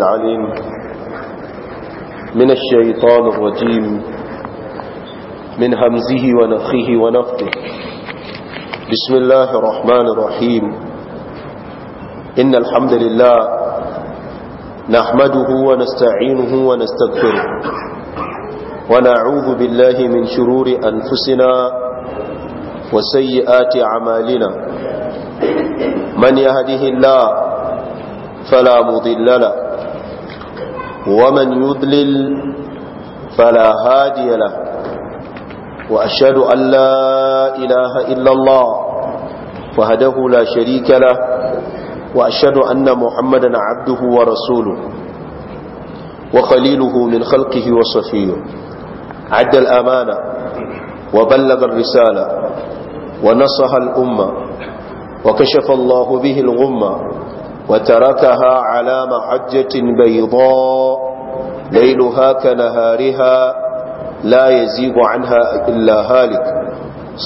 العليم من الشيطان الرجيم من همزه ونفخه ونفته بسم الله الرحمن الرحيم إن الحمد لله نحمده ونستعينه ونستغفره ونعوذ بالله من شرور أنفسنا وسيئات أعمالنا من يهده الله فلا مضل له ومن يذلل فلا هادي له وأشهد أن لا إله إلا الله وهده لا شريك له وأشهد أن محمدا عبده ورسوله وخليله من خلقه وصفيه عد الأمانة وبلغ الرسالة ونصح الأمة وكشف الله به الغمة وتركها على محجة بيضاء ليلها كنهارها لا يزيغ عنها إلا هالك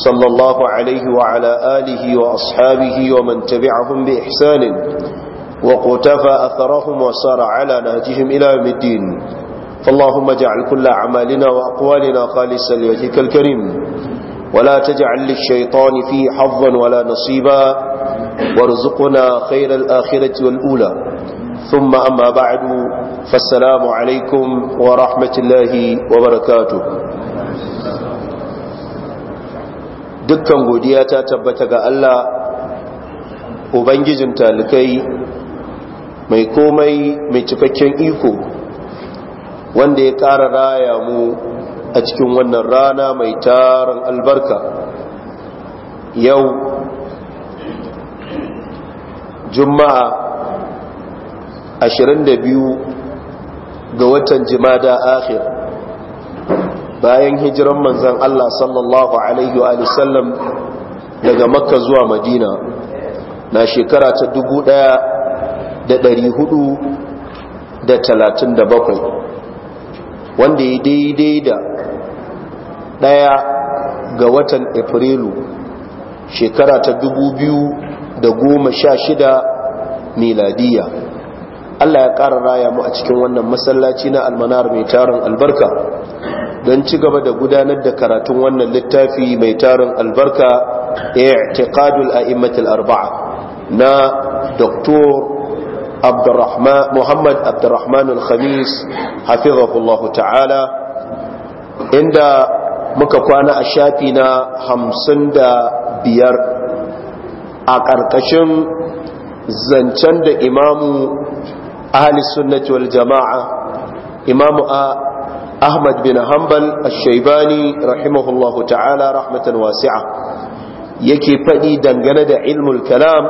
صلى الله عليه وعلى آله وأصحابه ومن تبعهم بإحسان وقتفى أثرهم وسار على نهجهم إلى يوم الدين فاللهم اجعل كل أعمالنا وأقوالنا خالصا لوجهك الكريم ولا تجعل للشيطان فيه حظا ولا نصيبا وارزقنا خير الآخرة والأولى ثم أما بعد فالسلام عليكم wa الله وبركاته dukkan godiya ta tabbata ga Allah ubangijin talikai mai komai mai cikakken iko wanda ya ƙara raya mu a cikin wannan rana mai tarin albarka yau juma'a 22 ga watan jimada akhir bayan hijiran manzan Allah sallallahu alaihi wa sallam daga makka zuwa madina na shekara ta 1437 wanda ya daidai da daya ga watan afrilu shekara ta dubu biyu da goma sha shida miladiya Allah ya ƙara raya mu a cikin wannan masallaci na almanar mai tarin albarka don ci gaba da gudanar da karatun wannan littafi mai tarin albarka i'tiqadul a'immatul arba'a na Dr. Muhammad Abdurrahman al-Khamis hafizahullahu ta'ala inda muka kwana a shafi na hamsin da biyar a ƙarƙashin zancen da imamu ahalis sunnati wal jama'a imamu ahmad bin hanbal al-shaibani rahimahullahu ta'ala rahmatan wasi'a yake faɗi dangane da ilmul kalam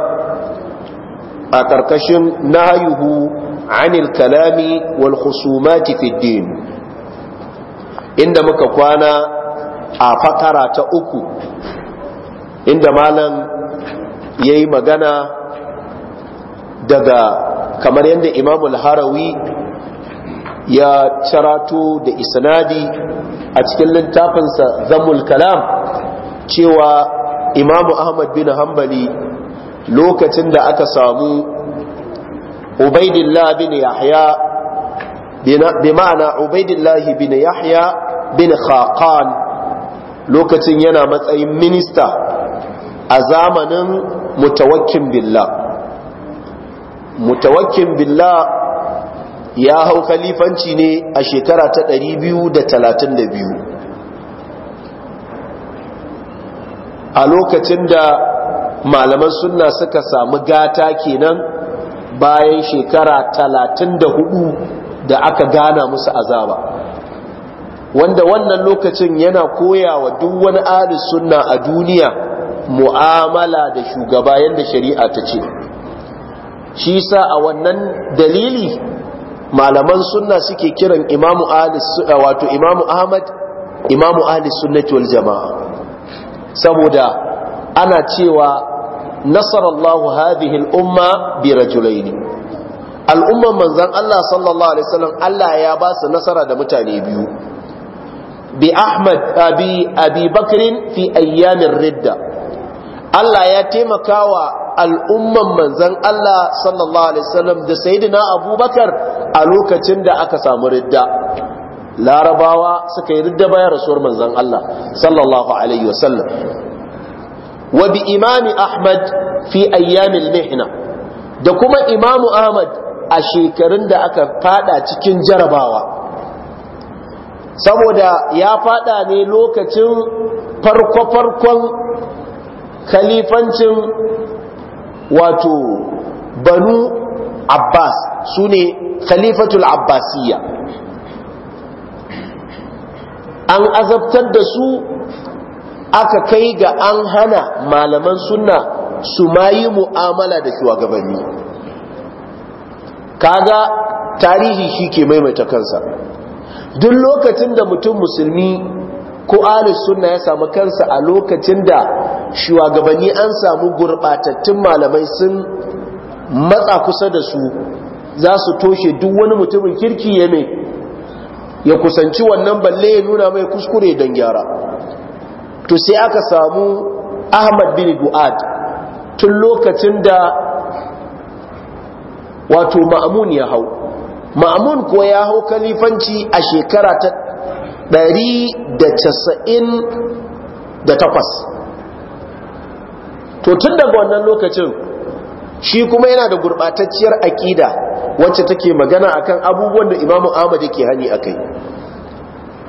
a ƙarƙashin nahayuhu anil kalami wal khusumati fi din inda muka kwana a fakara ta uku inda malam ya yi magana daga kamar yadda imamul harawi ya carato da isnadi a cikin littafinsa zamul kalam cewa imamu ahmad bin hanbali lokacin da aka samu ubaidillah bin yahya bi ma'ana ubaidillah bin yahya bin khaqan lokacin yana matsayin minista a zamanin mutawakkin Billa mutawakkin billah ya hau kalifanci ne a shekara ta 232 a lokacin da malaman sunna suka samu gata kenan bayan shekara 34 da aka gana musu azaba wanda wannan lokacin yana koyawa duk wani adi sunna a duniya mu'amala da shugaba yadda shari'a ta ce shi sa a wannan dalili malaman sunna suke kiran imamu wato imamu ahmad imamu ahlis sunnati wal jama'a saboda ana cewa nasarallahu hadhihi al-umma bi rajulaini al'umman manzan Allah sallallahu alaihi wasallam Allah ya ba su nasara da mutane biyu bi Ahmad abi Abi Bakrin fi ayyamin ridda Allah ya taimaka wa al'umman manzan Allah sallallahu Alaihi wasallam da sayidina abubakar a lokacin da aka samu ridda larabawa suka yi ridda bayan rasuwar manzan Allah sallallahu Alaihi wasallam wa bi imami Ahmad fi ayyamil mihna da kuma imamu Ahmad a shekarun da aka fada cikin jarabawa saboda ya fada ne lokacin farko-farkon khalifancin wato banu abbas su ne khalifatul abbasiyya an azabtar da su aka kai ga an hana malaman sunna su ma yi mu'amala da shugabanni kaga tarihi shi ke maimaita kansa duk lokacin da mutum musulmi ko alis sunna ya samu kansa a lokacin da shugabanni an samu gurbatattun malamai sun matsa kusa da su za su toshe duk wani mutumin kirki ya mai ya kusanci wannan balle ya nuna mai kuskure don gyara to sai aka samu ahmad bin du'ad tun lokacin da wato ma'amun ya hau ma'amun ko ya hau kalifanci a shekara ta 198 to tun daga wannan lokacin shi kuma yana da gurbatacciyar aƙida wacce take magana akan abubuwan da imamu ahmad yake hani akai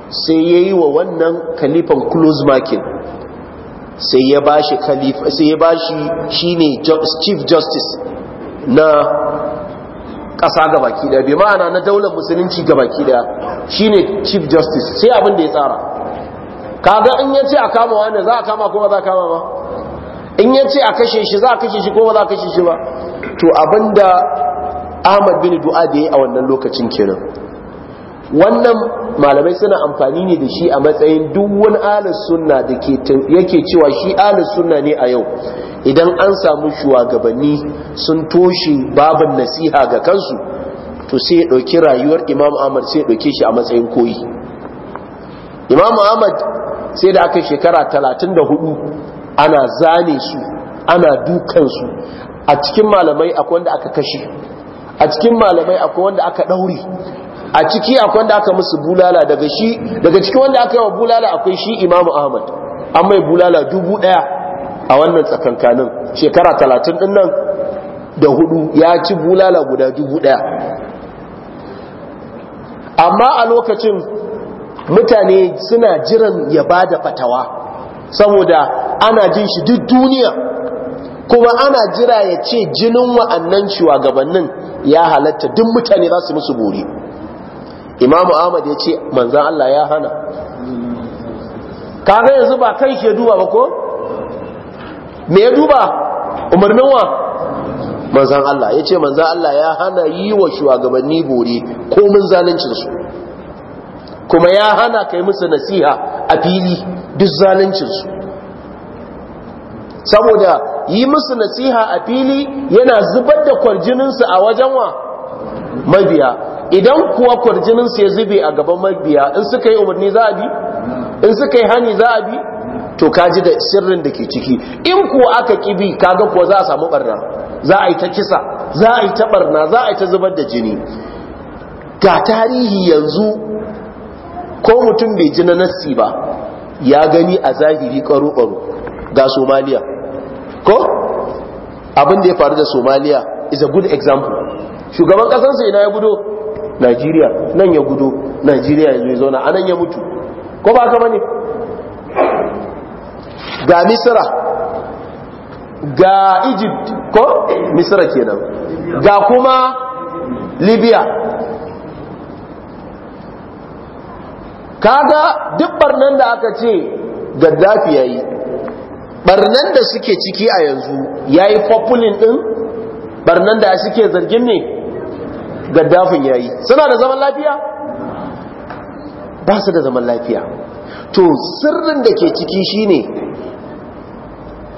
sai ya yi wa wannan kalifan close marking sai ya ba shi shi ne chief justice na ƙasa gabaki da Bi ma'ana na daular musulunci gabaki da shi ne chief justice sai abin da ya tsara kaga in yace a kama wani za a kama kuma za a kama ba. in ya ce a kashe shi za a kashe shi ko ba za a kashe shi ba to abinda ahmad bin du'a da ya a wannan lokacin kenan wannan malamai suna amfani ne da shi a matsayin duk wani alis sunna da yake cewa shi alis sunna ne a yau idan an samu shugabanni sun toshe babin nasiha ga kansu to sai ya ɗauki rayuwar imam ahmad sai ya ɗauke shi a matsayin koyi imam ahmad sai da aka shekara talatin da hudu ana zane su ana dukan su a cikin malamai akwai wanda aka kashe a cikin malamai akwai wanda aka daure a ciki akwai wanda aka musu bulala daga shi daga cikin wanda aka yi wa bulala akwai shi imamu ahmad an mai bulala dubu daya a wannan tsakankanin shekara talatin din nan da hudu ya ci bulala guda dubu daya amma a lokacin mutane suna jiran ya ba da fatawa saboda ana jin shi duk duniya kuma ana jira ya ce jinin wa'annan shugabannin ya halatta duk mutane za su musu bore imamu ahmad ya ce manzan Allah ya hana kaga yanzu ba kai ke duba ba ko me ya duba umarnin wa manzan Allah ya ce manzan Allah ya hana yi wa shugabanni bore komin zaluncinsu kuma ya hana kai musu nasiha a fili duk zaluncinsu saboda yi musu nasiha a fili yana zubar da kwarjininsu a wajen wa mabiya idan kuwa kwarjininsu ya zube a gaban mabiya in suka yi umarni za a bi in suka yi hani za a bi to kaji da sirrin da ke ciki in kuwa aka kibi kaga kuwa za a samu barna za a yi ta kisa za a yi ta barna za a yi ta zubar da jini ga tarihi yanzu ko mutum bai ji na nassi ba ya gani a zahiri karo-karo ga somaliya ko abin da ya faru da somaliya is a good example shugaban kasansa ina ya gudo najeriya nan ya gudo najeriya ya zai zauna a ya mutu ko ba haka bane ga misira ga egypt ko misira kenan ga kuma libya kaga duk nan da aka ce gaddafi yi. barnan da suke ciki a yanzu ya yi fafulin ɗin barnan da suke zargin ne gaddafin ya yi suna da zaman lafiya ba su da zaman lafiya to sirrin da ke ciki shine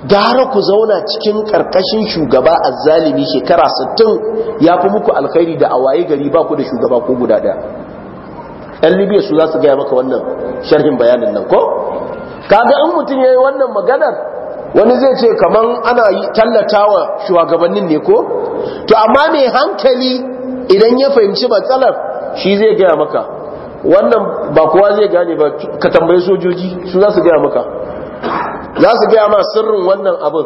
gara ku zauna cikin karkashin shugaba a zalimi shekara 60 ya fi muku alkhairi da a waye gari ba ku da shugaba ko guda ɗaya. ɗan libya su za su gaya maka wannan sharhin bayanin nan ko kaga in mutum ya yi wannan maganar wani zai ce kaman ana tallatawa shugabannin ne ko to amma mai hankali idan ya fahimci matsalar shi zai gaya maka wannan ba kowa zai gane ba ka tambayi sojoji su za su gaya maka za su gaya ma sirrin wannan abin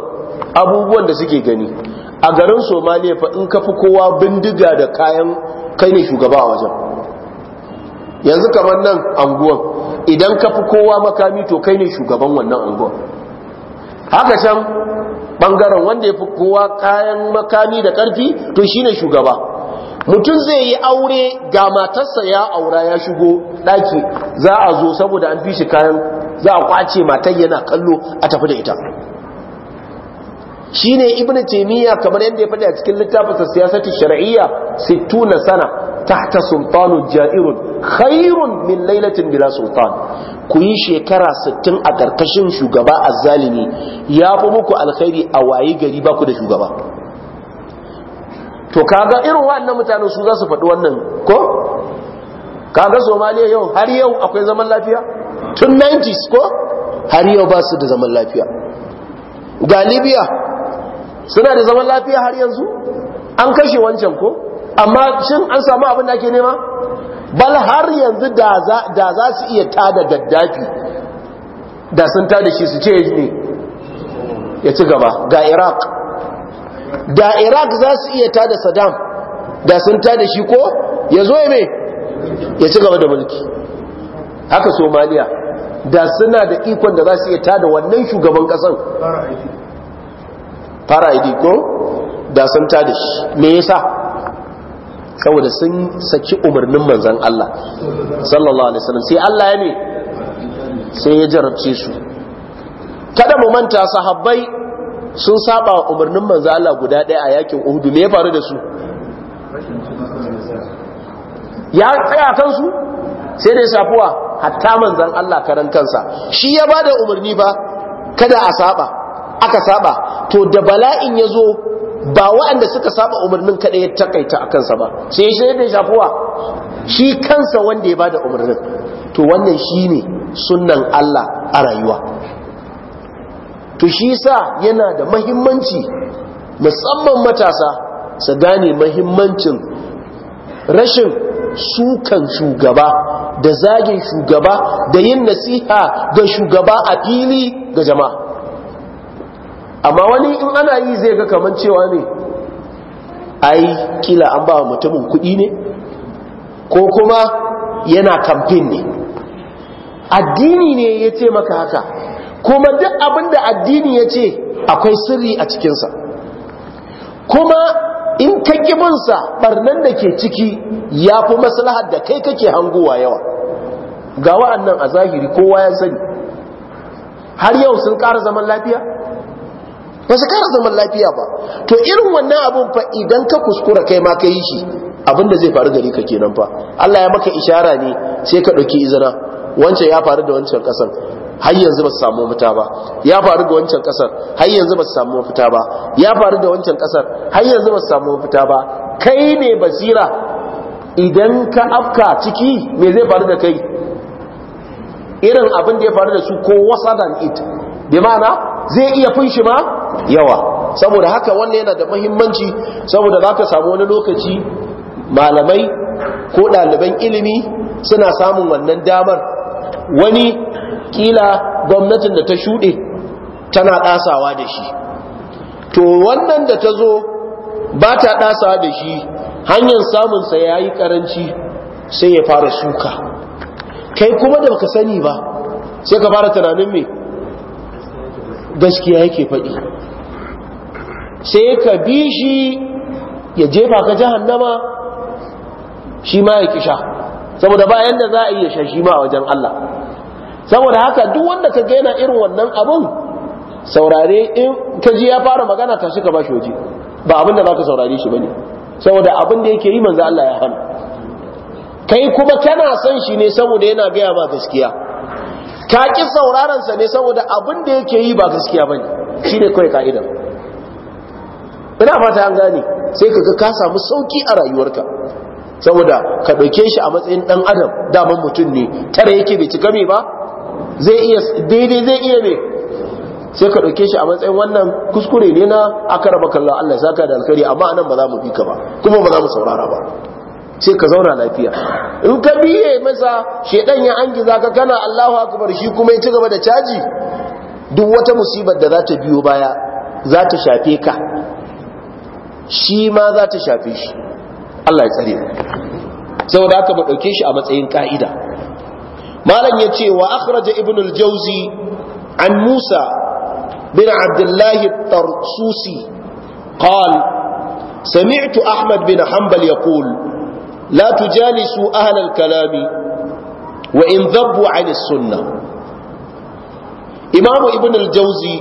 abubuwan da suke gani a garin somaliya fa in kafi kowa bindiga da kayan kai ne shugaba a wajen yanzu kamar nan anguwan idan kafi kowa makami to kai ne shugaban wannan anguwan haka can ɓangaren wanda ya fi kowa kayan makami da ƙarfi to shi ne shugaba mutum zai yi aure ga matarsa ya aura ya shigo ɗaki, za a zo saboda an fi shi kayan za a kwace matar yana kallo a tafi da ita shine ibnu taymiya kamar yadda ya faɗi a cikin littafin sa siyasati shar'iyya 60 sana tahta sultanu ja'irun khairun min lailatin bila sultan ku yi shekara 60 a karkashin shugaba azzalimi ya fi muku alkhairi a wayi gari ba ku da shugaba to kaga irin wannan mutanen su za su faɗi wannan ko kaga somaliya yau har yau akwai zaman lafiya tun 90s ko har yau ba su da zaman lafiya ga libya suna da zaman lafiya har yanzu an kashe wancan ko amma shin an samu abin da ake nema bal har yanzu da za su iya tada gaddafi da sun tada shi su ce ne ya ci gaba ga iraq da iraq za su iya tada saddam da sun tada shi ko ya zo mai ya ci gaba da mulki haka somaliya da suna da ikon da za su iya tada wannan shugaban kasan fara idi ko da sun ta da shi me yasa saboda sun saki umarnin manzon Allah sallallahu alaihi wasallam sai Allah ya ne sai ya jarabce su kada mu manta sahabbai sun saba umarnin manzon Allah guda ɗaya a yakin Uhud me ya faru da su ya tsaya kansu sai dai safuwa hatta manzon Allah karan kansa shi ya bada umarni ba kada a saba aka saba to da bala'in ya zo ba waɗanda suka saba umarnin kaɗai ya takaita a kansa ba sai ya ne da shafuwa shi kansa wanda ya bada umarnin to wannan shi ne sunan Allah a rayuwa to shi sa yana da mahimmanci musamman matasa su gane mahimmancin rashin sukan shugaba da zagin shugaba da yin nasiha ga shugaba a fili ga jama'a amma wani in ana yi zai ga kamar cewa ne ai kila an ba mutumin kuɗi ne ko kuma yana kamfin ne addini ne ya ce maka haka kuma duk abin da addini ya ce akwai sirri a cikinsa kuma in ka ƙibinsa ɓarnan da ke ciki ya fi maslahar da kai kake hangowa yawa ga wa'annan a zahiri kowa ya sani har yau sun ƙara zaman lafiya ba su kara zaman lafiya ba to irin wannan abun fa idan ka kuskura kai ma ka yi shi abin da zai faru gari ka kenan fa Allah ya maka ishara ne sai ka ɗauki izina wancan ya faru da wancan ƙasar, har yanzu ba su samu mafita ba ya faru da wancan ƙasar har yanzu ba su samu mafita ba ya faru da wancan ƙasar har yanzu ba su samu mafita ba kai ne basira idan ka afka ciki me zai faru da kai irin abin da ya faru da su ko wasa dan it bi ma'ana zai iya fushi ma yawa saboda haka wannan yana da mahimmanci saboda za ka samu wani lokaci malamai ko ɗaliban ilimi suna samun wannan damar wani kila gwamnatin da ta shuɗe tana ɗasawa da shi to wannan da ta zo ba ta ɗasawa da shi hanyar samunsa ya yi ƙaranci sai ya fara suka kai kuma da baka sani ba sai ka fara tunanin mai gaskiya yake faɗi sai ka bi shi ya jefa ka jahannama shi ma ya kisha saboda bayan da za a iya shashi shi ma a wajen Allah saboda haka duk wanda ka gaina irin wannan abun saurare in ka ji ya fara magana ta shi ka bashi waje ba abin da ka saurare shi bane saboda abin da yake yi manzo Allah ya hana kai kuma kana son shi ne saboda yana gaya ba gaskiya ka ki sauraron ne saboda abin da yake yi ba gaskiya bane ne kai ka'idar ina fata an gane sai kaga ka samu sauki a rayuwarka saboda ka ɗauke shi a matsayin ɗan adam daman mutum ne tare yake bai cika me ba zai iya daidai zai iya me sai ka ɗauke shi a matsayin wannan kuskure ne na akara bakalla Allah ya saka da alkari amma anan ba za mu bi ka ba kuma ba za mu saurara ba sai ka zauna lafiya in ka biye masa shedan ya angi zaka kana Allahu akbar shi kuma ya ci gaba da caji duk wata musibar da za ta biyo baya za ta shafe ka shi ma za ta shafe shi Allah ya tsare saboda haka ba dauke shi a matsayin ka'ida malam ya ce wa akhraja ibn al-jawzi an Musa bin Abdullah at-Tarsusi قال سمعت أحمد بن حنبل يقول لا تجالسوا أهل الكلام وإن ذبوا عن السنة إمام ابن الجوزي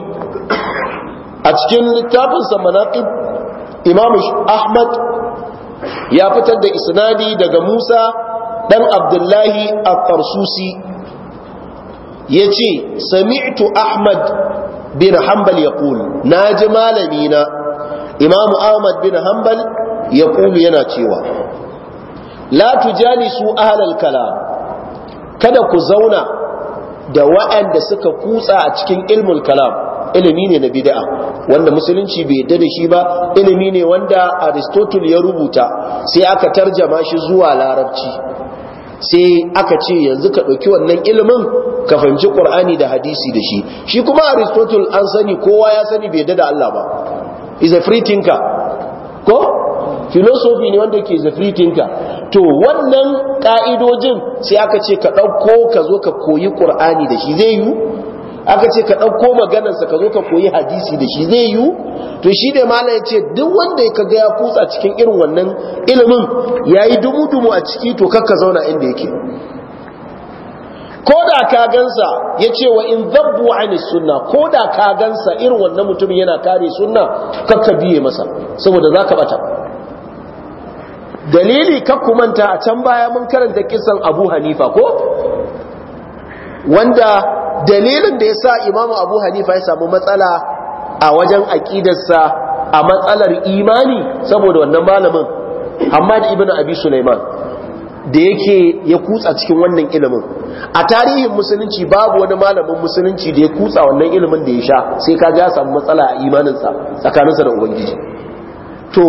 a cikin littafinsa manaƙib imam ahmad ya fitar da isnadi daga musa dan abdullahi a tarsusi ya ce sami'tu ahmad bin hanbal ya na ji malami na imam ahmad bin hanbal ya yana cewa la tujalisu ahlal kalam kada ku zauna da wa'anda suka kutsa a cikin ilmul kalam ilimi ne na bid'a wanda musulunci bai yadda da shi ba ilimi ne wanda aristotle ya rubuta sai aka tarjama shi zuwa larabci sai aka ce yanzu ka ɗauki wannan ilimin ka fahimci ƙur'ani da hadisi da shi shi kuma aristotle an sani kowa ya sani bai yadda da allah ba is a free thinker ko filosofi ne wanda ke is tinka to wannan ka'idojin sai aka ce ka ɗauko ka zo ka koyi ƙur'ani da shi zai yi aka ce ka ɗauko maganarsa ka zo ka koyi hadisi da shi zai yiwu to shi ne malam ya ce duk wanda ka ga ya kutsa cikin irin wannan ilimin ya yi dumu-dumu a ciki to kakka zauna inda yake ko da ka gansa ya ce wa in zabbu ani sunna ko da ka gansa irin wannan mutumin yana kare sunna kakka biye masa saboda za ka bata dalili kakku manta a can baya mun karanta kisan abu hanifa ko wanda dalilin da ya sa imamu abu hanifa ya samu matsala a wajen aƙidarsa a matsalar imani saboda wannan malamin amma da ibnu abi sulaiman da yake ya kutsa cikin wannan ilimin a tarihin musulunci babu wani malamin musulunci da ya kutsa wannan ilimin da ya sha sai ka ga samu matsala a imaninsa tsakaninsa da ubangiji to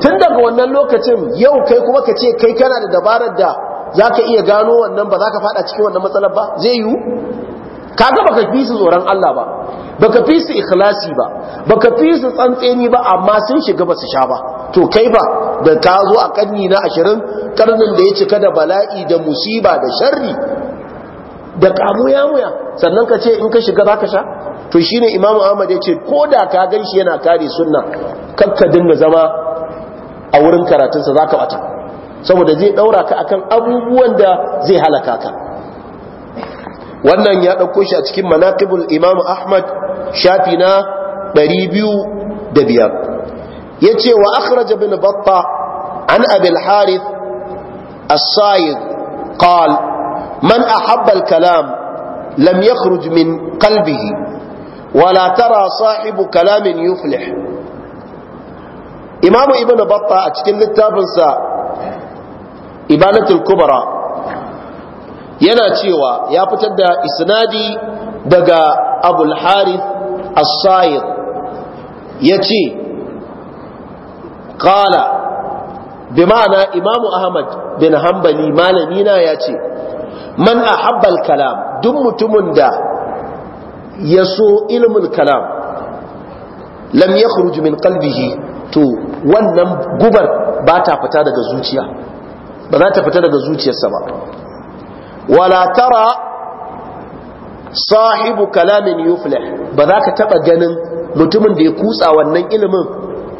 tun daga wannan lokacin yau kai kuma ka ce kai kana da dabarar da za ka iya gano wannan ba za ka fada cikin wannan matsalar ba zai yiwu kaga baka fi su tsoron Allah ba baka fi su ikhlasi ba baka fi su tsantseni ba amma sun shiga ba su sha ba to kai ba da ka zo a kanni na ashirin karnin da ya cika da bala'i da musiba da sharri da ya muya sannan ka ce in ka shiga za ka sha to shine imam ahmad ya ce ko da ka gan shi yana kare sunna kakka dinga zama a wurin karatunsa za ka bata saboda zai daura ka akan abubuwan da zai halaka ka wannan ya ɗauko shi a cikin manaqibul imam ahmad shafi na 205 yace wa akraja ibn batta an abi al-harith as-sayyid qal man ahabba al-kalam lam yakhruj min qalbihi ولا tara sahibu kalamin يفلح imamu ibn batta a cikin littafinsa ibanatul kubra yana cewa ya fitar da isnadi daga abul harith as-sayid yace kala bi ma'ana imamu ahmad bin hanbali malami na yace man a habbal kalam duk mutumin da so ilimin kalam lam yakhruj min qalbihi to wannan gubar ba ta fita daga zuciya ba za ta fita daga zuciyarsa ba wala tara sahibu kalamin yuflih ba za ka taɓa ganin mutumin da ya kutsa wannan ilimin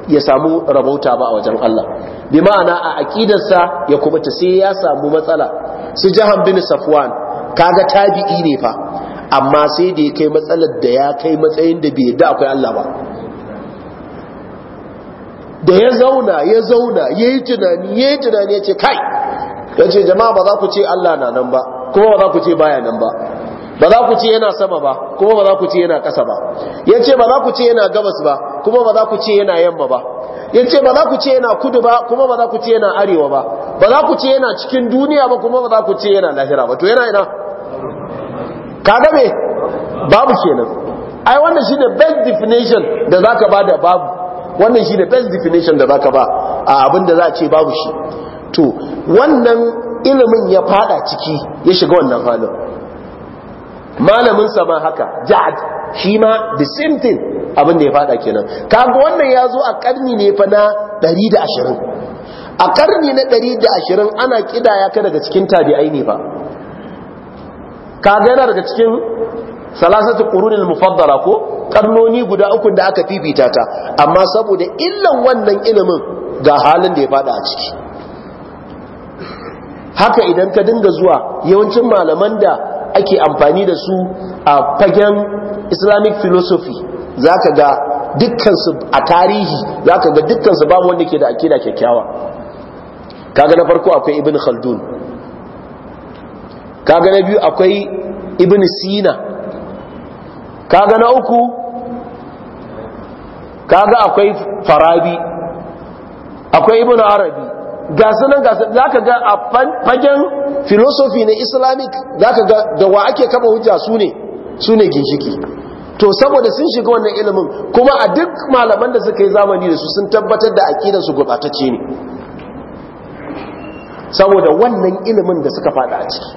ya samu rabauta ba a wajen Allah bi ma'ana a aqidarsa ya kuma ta sai ya samu matsala su jahan bin safwan kaga tabi'i ne fa amma sai da ya kai matsalar da ya kai matsayin da bai yadda akwai Allah ba da ya zauna ya zauna ya yi tunani ya yi tunani ya ce kai ya ce jama'a ba za ku ce Allah na nan ba kuma ba za ku ce baya nan ba ba za ku ce yana sama ba kuma ba za ku ce yana ƙasa ba yace ba za ku ce yana gabas ba kuma ba za ku ce yana yamma ba yace ba za ku ce yana kudu ba kuma ba za ku ce yana arewa ba ba za ku ce yana cikin duniya ba kuma ba za ku ce yana lahira ba to yana ina kaga me babu kenan ai wannan shine best definition da zaka ba da babu wannan shine best definition da zaka ba a abin da za a ce babu shi to wannan ilimin ya fada ciki ya shiga wannan halin malamin sa ma haka ja'ad shi ma the same thing abin da ya fada kenan kaga wannan ya zo a karni ne fa na 120 a karni na 120 ana kidaya ka daga cikin tabi'ai ne fa kaga yana daga cikin salasatu qurunil mufaddala ko karnoni guda uku da aka fifita ta amma saboda illan wannan ilimin ga halin da ya fada a ciki haka idan ka dinga zuwa yawancin malaman da ake amfani da su a fagen islamic philosophy za ka ga dukkansu a tarihi za ka ga dukkansu babu wanda ke da da kyakkyawa kaga na farko akwai ibn khaldun kaga na biyu akwai ibn sina kaga na uku kaga akwai farabi akwai ibn arabi Gasu nan gasu za ka ga a fagen filosofi na islamic za ka ga da wa ake kama hujja su ne su ne ginshiki to saboda sun shiga wannan ilimin kuma a duk malaman da suka yi zamani da su sun tabbatar da aƙidar su ne saboda wannan ilimin da suka faɗa a ciki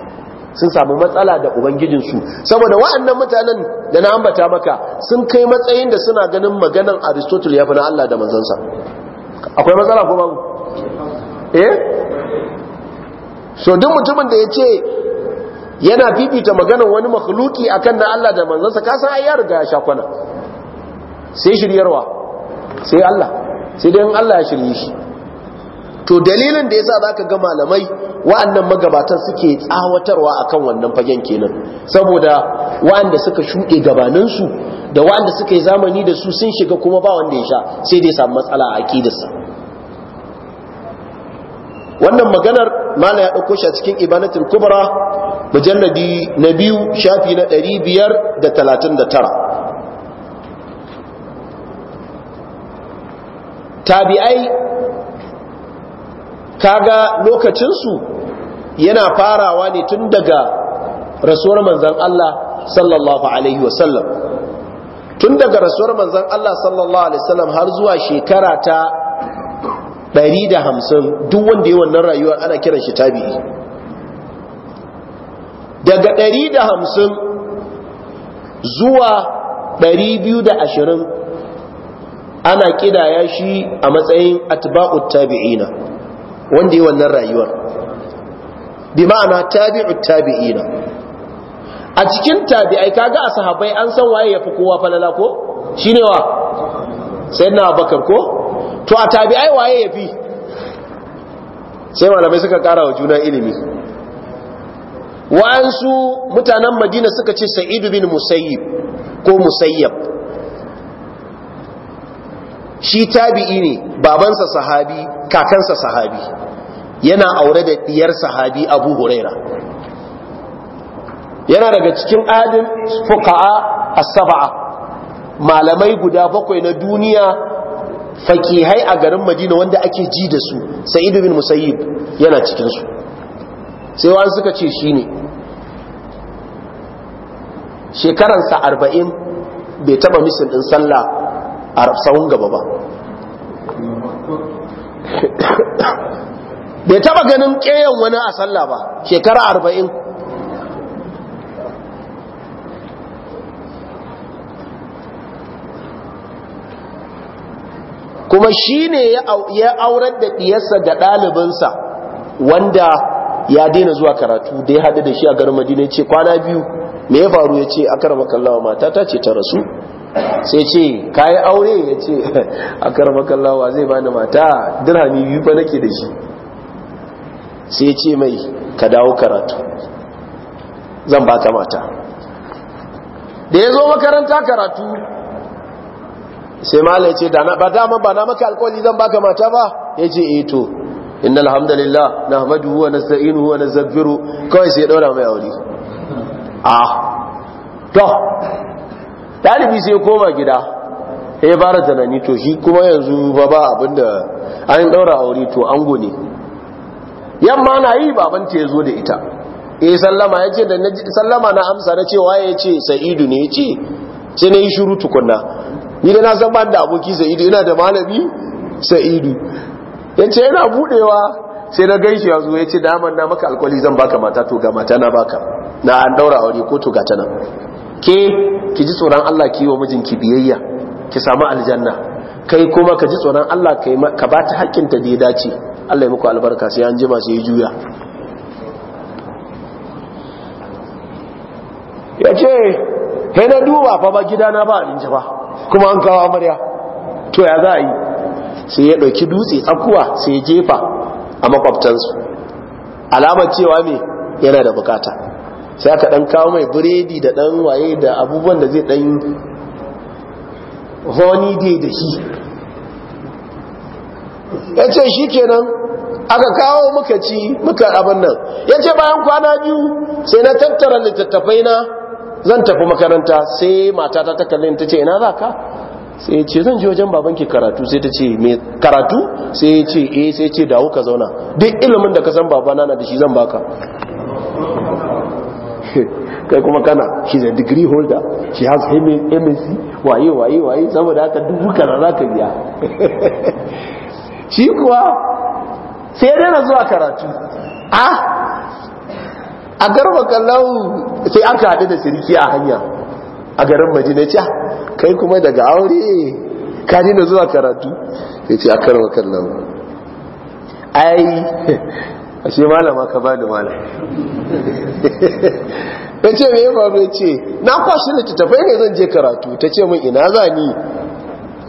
sun samu matsala da ubangijinsu saboda wa'annan mutanen da na ambata maka sun kai matsayin da suna ganin maganan aristotle ya fi na allah da manzansa akwai matsala ko babu eh so duk mutumin da ya ce yana fifita maganar wani makhluki akan na Allah da manzansa kasan ai ya riga ya sha sai shiryarwa sai Allah sai dai Allah ya shirye shi to dalilin da yasa zaka ga malamai wa'annan magabatan suke tsawatarwa akan wannan fagen kenan saboda wa'anda suka shuɗe gabanin su da wa'anda suka yi zamani da su sun shiga kuma ba wanda ya sha sai dai samu matsala a aqidarsa wannan maganar mala ya ɗauko shi a cikin ibanatul kubra mujalladi na biyu shafi na ɗari biyar da talatin da tara tabi'ai kaga lokacinsu yana farawa ne tun daga rasuwar manzan Allah sallallahu alaihi wasallam tun daga rasuwar Manzon Allah sallallahu alaihi wasallam har zuwa shekara ta ɗari da hamsin duk wanda yi wannan rayuwar ana kiran shi tabi'i daga ɗari da hamsin zuwa ɗari biyu da ashirin ana ƙidaya shi a matsayin atba'ut tabi'ina wanda yi wannan rayuwar bi ma'ana tabi'ut tabi'ina a cikin tabi'ai kaga a sahabai an san waye ya fi kowa falala ko shine wa na Bakar ko to a tabi ai waye ya fi sai malamai suka kara wa juna ilimi wa'ansu mutanen madina suka ce sa'idu bin musayyib ko musayyab shi tabi'i ne babansa sahabi kakansa sahabi yana aure da diyar sahabi abu huraira yana daga cikin adin fuka'a a saba'a malamai guda bakwai na duniya fakihai a garin madina wanda ake ji da su sai bin musayib yana cikinsu sai wani suka ce shi ne shekaransa arba'in bai taba misin ɗin sallah a sahun gaba ba bai taba ganin ƙeyan wani a sallah ba shekara arba'in kuma shi ne ya aurar da ɗiyarsa ga ɗalibinsa wanda ya daina zuwa karatu da ya haɗu da shi a garin madina ce kwana biyu me ya faru ya ce a akar makallawa mata ta ce ta rasu sai ce ka yi aure ya ce a akar makallawa zai bani mata dirhami biyu na nake da shi sai ce mai ka dawo karatu zan baka mata da ya zo makaranta karatu sai mala ya ce ba dama ba na maka alƙawari zan baka mata ba ya ce eh to inna alhamdulillah na hamadu huwa na sa'inu huwa na kawai sai daura mai aure a ah. to ɗalibi sai koma gida ya bara tunani to shi kuma yanzu ba ba abinda an daura aure to an ne yamma na yi babanta ya zo da ita eh sallama ya ce da sallama na amsa na cewa ya ce sa'idu ne ya ce sai na yi shuru tukunna ni da na san ba da aboki sa'idu ina da malami sa'idu ya ce yana budewa sai na gaishe ya zo ya ce daman na maka alkali zan baka mata to ga mata na baka na an daura aure ko to ga ta nan ke ki ji tsoron Allah ki yi wa mijinki biyayya ki samu aljanna kai kuma ka ji tsoron Allah ka ba ta haƙƙinta da ya dace Allah ya muku albarka sai an jima sai ya juya ya ce he na duba fa ba gidana ba abinci ba kuma an kawo amarya to ya za a yi sai ya ɗauki dutse tsakuwa sai ya jefa a makwabtansu alamar cewa ne yana da bukata sai aka ɗan kawo mai biredi da ɗan waye da abubuwan da zai ɗan honi dai da shi ya ce shi kenan aka kawo muka ci muka abin nan ya ce bayan kwana biyu sai na tattara littattafai na zan tafi makaranta sai matata ta kalle ta ce ina za ka sai ce zan ji wajen babanki karatu sai ta ce me karatu sai ya ce eh sai ce dawo ka zauna duk ilimin da ka san babana na da shi zan baka kai kuma kana shi a degree holder she has MSc waye waye waye saboda haka dubu kana ka biya shi kuwa sai dai na zuwa karatu ah a garba kallon sai aka haɗu da siriki a hanya a garin majina ce kai kuma daga aure ka dina zuwa karatu ya ce a karba kallon ai a ce malama ka ba da malam ya ce mai faru ya ce na kwashi littattafai ne zan je karatu ta ce min ina za ni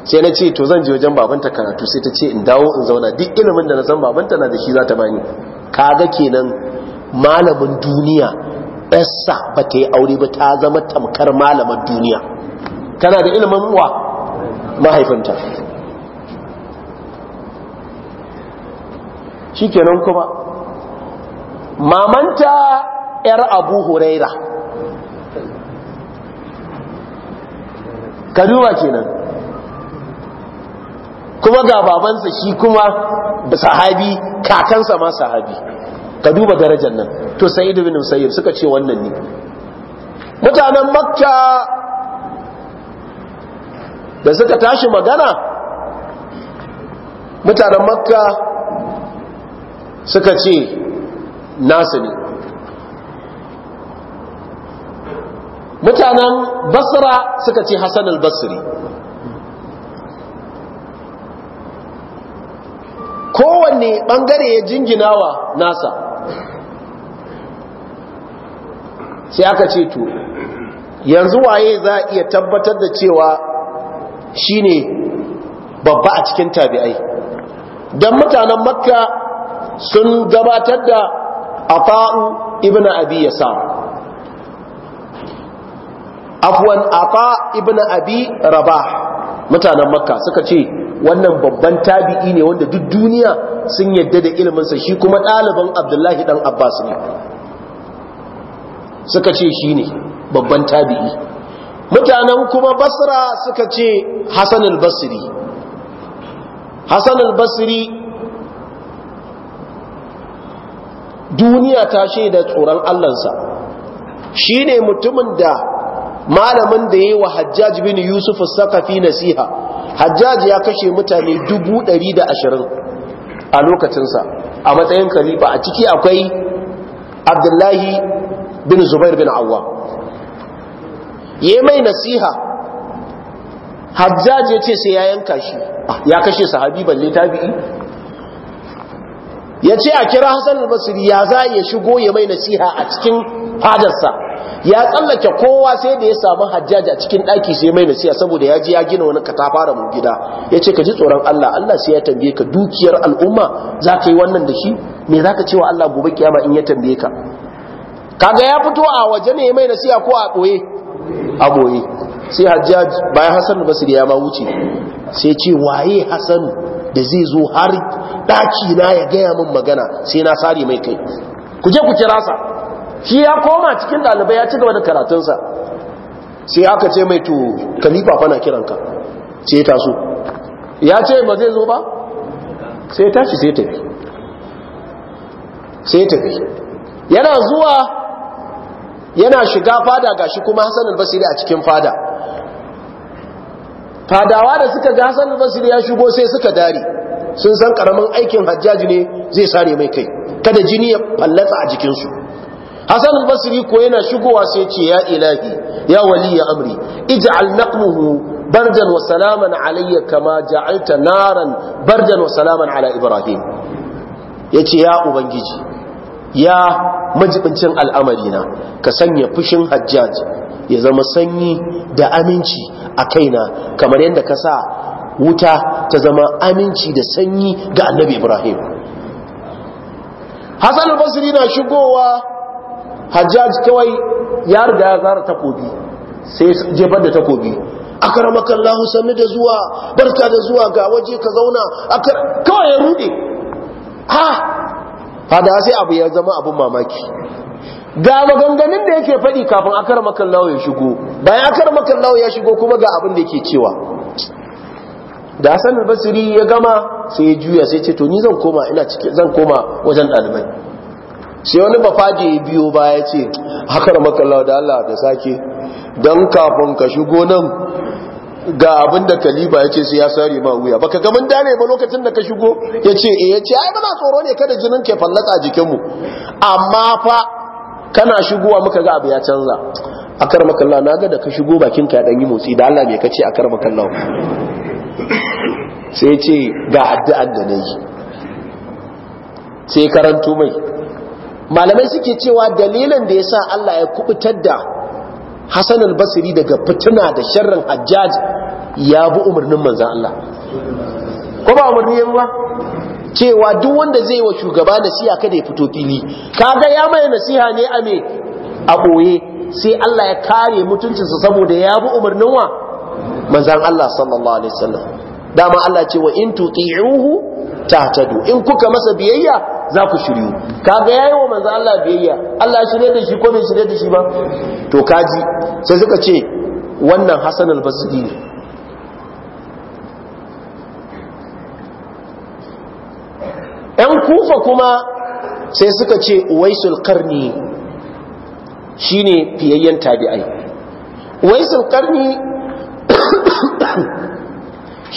sai na ce to zan je wajen babanta karatu sai ta ce in dawo in zauna duk ilimin da na san babanta na da shi za ta bani kaga kenan malamin duniya ɗansa ba ta yi aure ba ta zama tamkar malamin duniya tana da ilimin wa mahaifinta shi kenan kuma mamanta 'yar abu huraira kaduwa kenan kuma ga babansa shi kuma da sahabi kakansa ma sahabi ka duba darajar nan to idu bin musayyib suka ce wannan ne mutanen makka da suka tashi magana mutanen makka suka ce nasu ne mutanen basra suka ce hassan al-basri kowanne bangare ya jinginawa nasa sai aka ce to yanzu waye za a iya tabbatar da cewa shine babba a cikin tabi'ai don mutanen makka sun gabatar da afa'u ibn abi sa, afwan afa ibn abi rabah mutanen makka suka ce wannan babban tabi'i ne wanda duk duniya sun yadda da iliminsa shi kuma ɗaliban abdullahi dan abbas ne suka ce shi ne babban tabi'i mutanen kuma basra suka ce hassan al-basri hassan al-basri duniya ta shaida tsoron allansa shi ne mutumin da malamin da ya yi wa Hajjaji bin yusuf sakafi nasiha Hajjaji ya kashe mutane dubu da ashirin a lokacinsa a matsayin kalifa a ciki akwai abdullahi bin zubair bin awwa ya mai nasiha hajjaj ya ce sai ya yanka shi ah, ya kashe sahabi balle tabi'i ya ce a kira hassan al-basri ya za ya shigo ya mai nasiha a cikin fadarsa ya tsallake kowa sai da ya samu hajjaji a cikin ɗaki sai mai nasiha saboda ya ji ya gina wani katafara mu gida ya ce ka ji tsoron Allah Allah sai ya tambaye ka dukiyar al'umma za ka yi wannan da shi me za ka ce wa Allah gobe kiyama in ya tambaye ka kaga ya fito a waje ne mai nasiha ko a ɓoye? a ɓoye. sai hajjaj bayan da Basir ya ma wuce sai ce waye Hassan da zai zo har ɗakina na ya gaya min magana sai na sare mai kai ku je ku kira sa shi ya koma cikin ɗalibai ya ci gaba da karatunsa sai aka ce mai to kalifa fana kiranka sai ya taso ya ce ba zai zo ba sai tashi sai tafi sai tafi yana zuwa yana shiga fada ga shi kuma Hassan al-Basri a cikin fada fadawa da suka ga Hassan al-Basri ya shigo sai suka dare sun san karamin aikin hajjaji ne zai sare mai kai kada jini ya fallasa a jikin su Hassan al-Basri ko yana shigowa sai ce ya ilahi ya wali ya amri ij'al naqmuhu Barjan wa salaman alayya kama ja'alta naran barjan wa salaman ala ibrahim yace ya ubangiji ya majibincin al'amari na ka sanya fushin hajjaj ya zama sanyi da aminci a kaina kamar yadda ka sa wuta ta zama aminci da sanyi ga annabi ibrahim hassan al-basri na shigowa hajjaj kawai ya riga ya zara takobi sai jefar da takobi akaramaka Allah sannu da zuwa barka da zuwa ga waje ka zauna kawai ya rude ha Fada sai abu ya zama abun mamaki ga maganganun da yake faɗi kafin akar makallawa ya shigo bayan akar makallawa ya shigo kuma ga abin da yake cewa da Hassan albasiri ya gama sai ya juya sai ce to ni zan koma ina cike zan koma wajen dalibai sai wani bafaje ya biyo ya ce akar makallawa da Allah da sake dan kafin ka shigo nan ga abin da kaliba ya ce sai ya sare ma wuya baka ga mun dare ba lokacin da ka shigo ya ce eh ya ce ai ba tsoro ne kada jinin ke fallata a jikinmu amma fa kana shigowa muka ga abu ya canza a karmakallah na ga da ka shigo bakin ka ya dan yi motsi da Allah me kace a karmakallah sai ya ce ga addu'an da nayi sai karanto mai malamai suke cewa dalilin da yasa Allah ya kubutar da Hassan al-Basri daga fitina da sharrin Hajjaj ya bi umarnin manzan Allah ko ba umarni yin ba cewa duk wanda zai wa shugaba nasiha kada ya fito fili ga ya mai nasiha ne a me a boye sai Allah ya kare mutuncinsa saboda ya bi umarnin wa manzan Allah sallallahu alaihi wasallam dama Allah ce wa in tuti'uhu tahtadu in kuka masa biyayya za ku shiryu kaga yayi wa manzo Allah biyayya Allah shirye da shi ko bai shirye da shi ba to kaji sai suka ce wannan Hassan al-Basri ne ɗan kufa kuma sai suka ce waisul karni shine fiyayyen tabi'ai waisul karni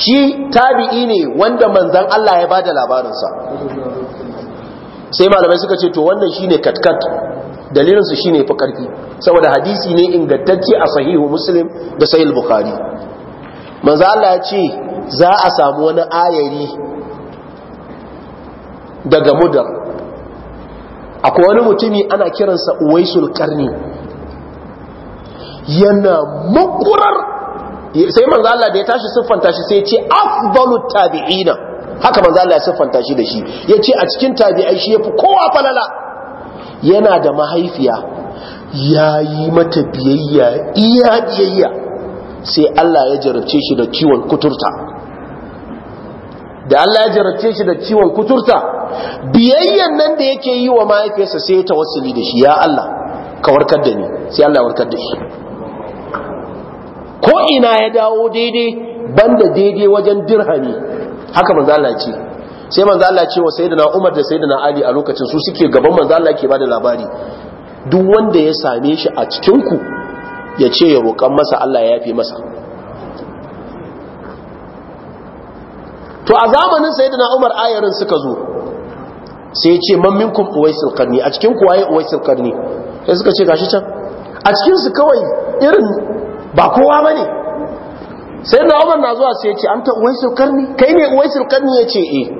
shi tabi'i ne wanda manzan Allah ya bada labarinsa sai malamai suka ce to wannan shine katkat dalilinsu shine fi karfi saboda hadisi ne ingantacce a sahihu muslim da sahih bukhari manzan Allah ya ce za a samu wani ayari daga mudar akwai wani mutumi ana kiransa uwaisul karni yana makurar sai manzo Allah da ya tashi siffanta shi sai ya ce afdalut tabi'ina haka manzo Allah ya siffanta shi da shi ya ce a cikin tabi'ai shi yafi kowa falala yana da mahaifiya yayi mata biyayya iya biyayya sai Allah ya jarabce shi da ciwon kuturta da Allah ya jarabce shi da ciwon kuturta biyayyan nan da yake yi wa mahaifiyarsa sai ta tawassuli da shi ya Allah ka warkar da ni sai Allah ya warkar da shi ko ina ya dawo daidai banda daidai wajen dirhami haka manzo Allah ce sai manzo Allah ce wa sayyidina Umar da sayyidina Ali a lokacin su suke gaban manzo Allah ke bada labari duk wanda ya same shi a cikin ku ya ce ya roƙan masa Allah ya fi masa to a zamanin sayyidina Umar ayarin suka zo sai ya ce man minkum uwaisul qarni a cikin ku waye uwaisul qarni sai suka ce gashi can a cikin su kawai irin ba kowa ne sai da Umar na zuwa sai ya ce uwai uwaisul ne kai ne uwaisul ne ya ce e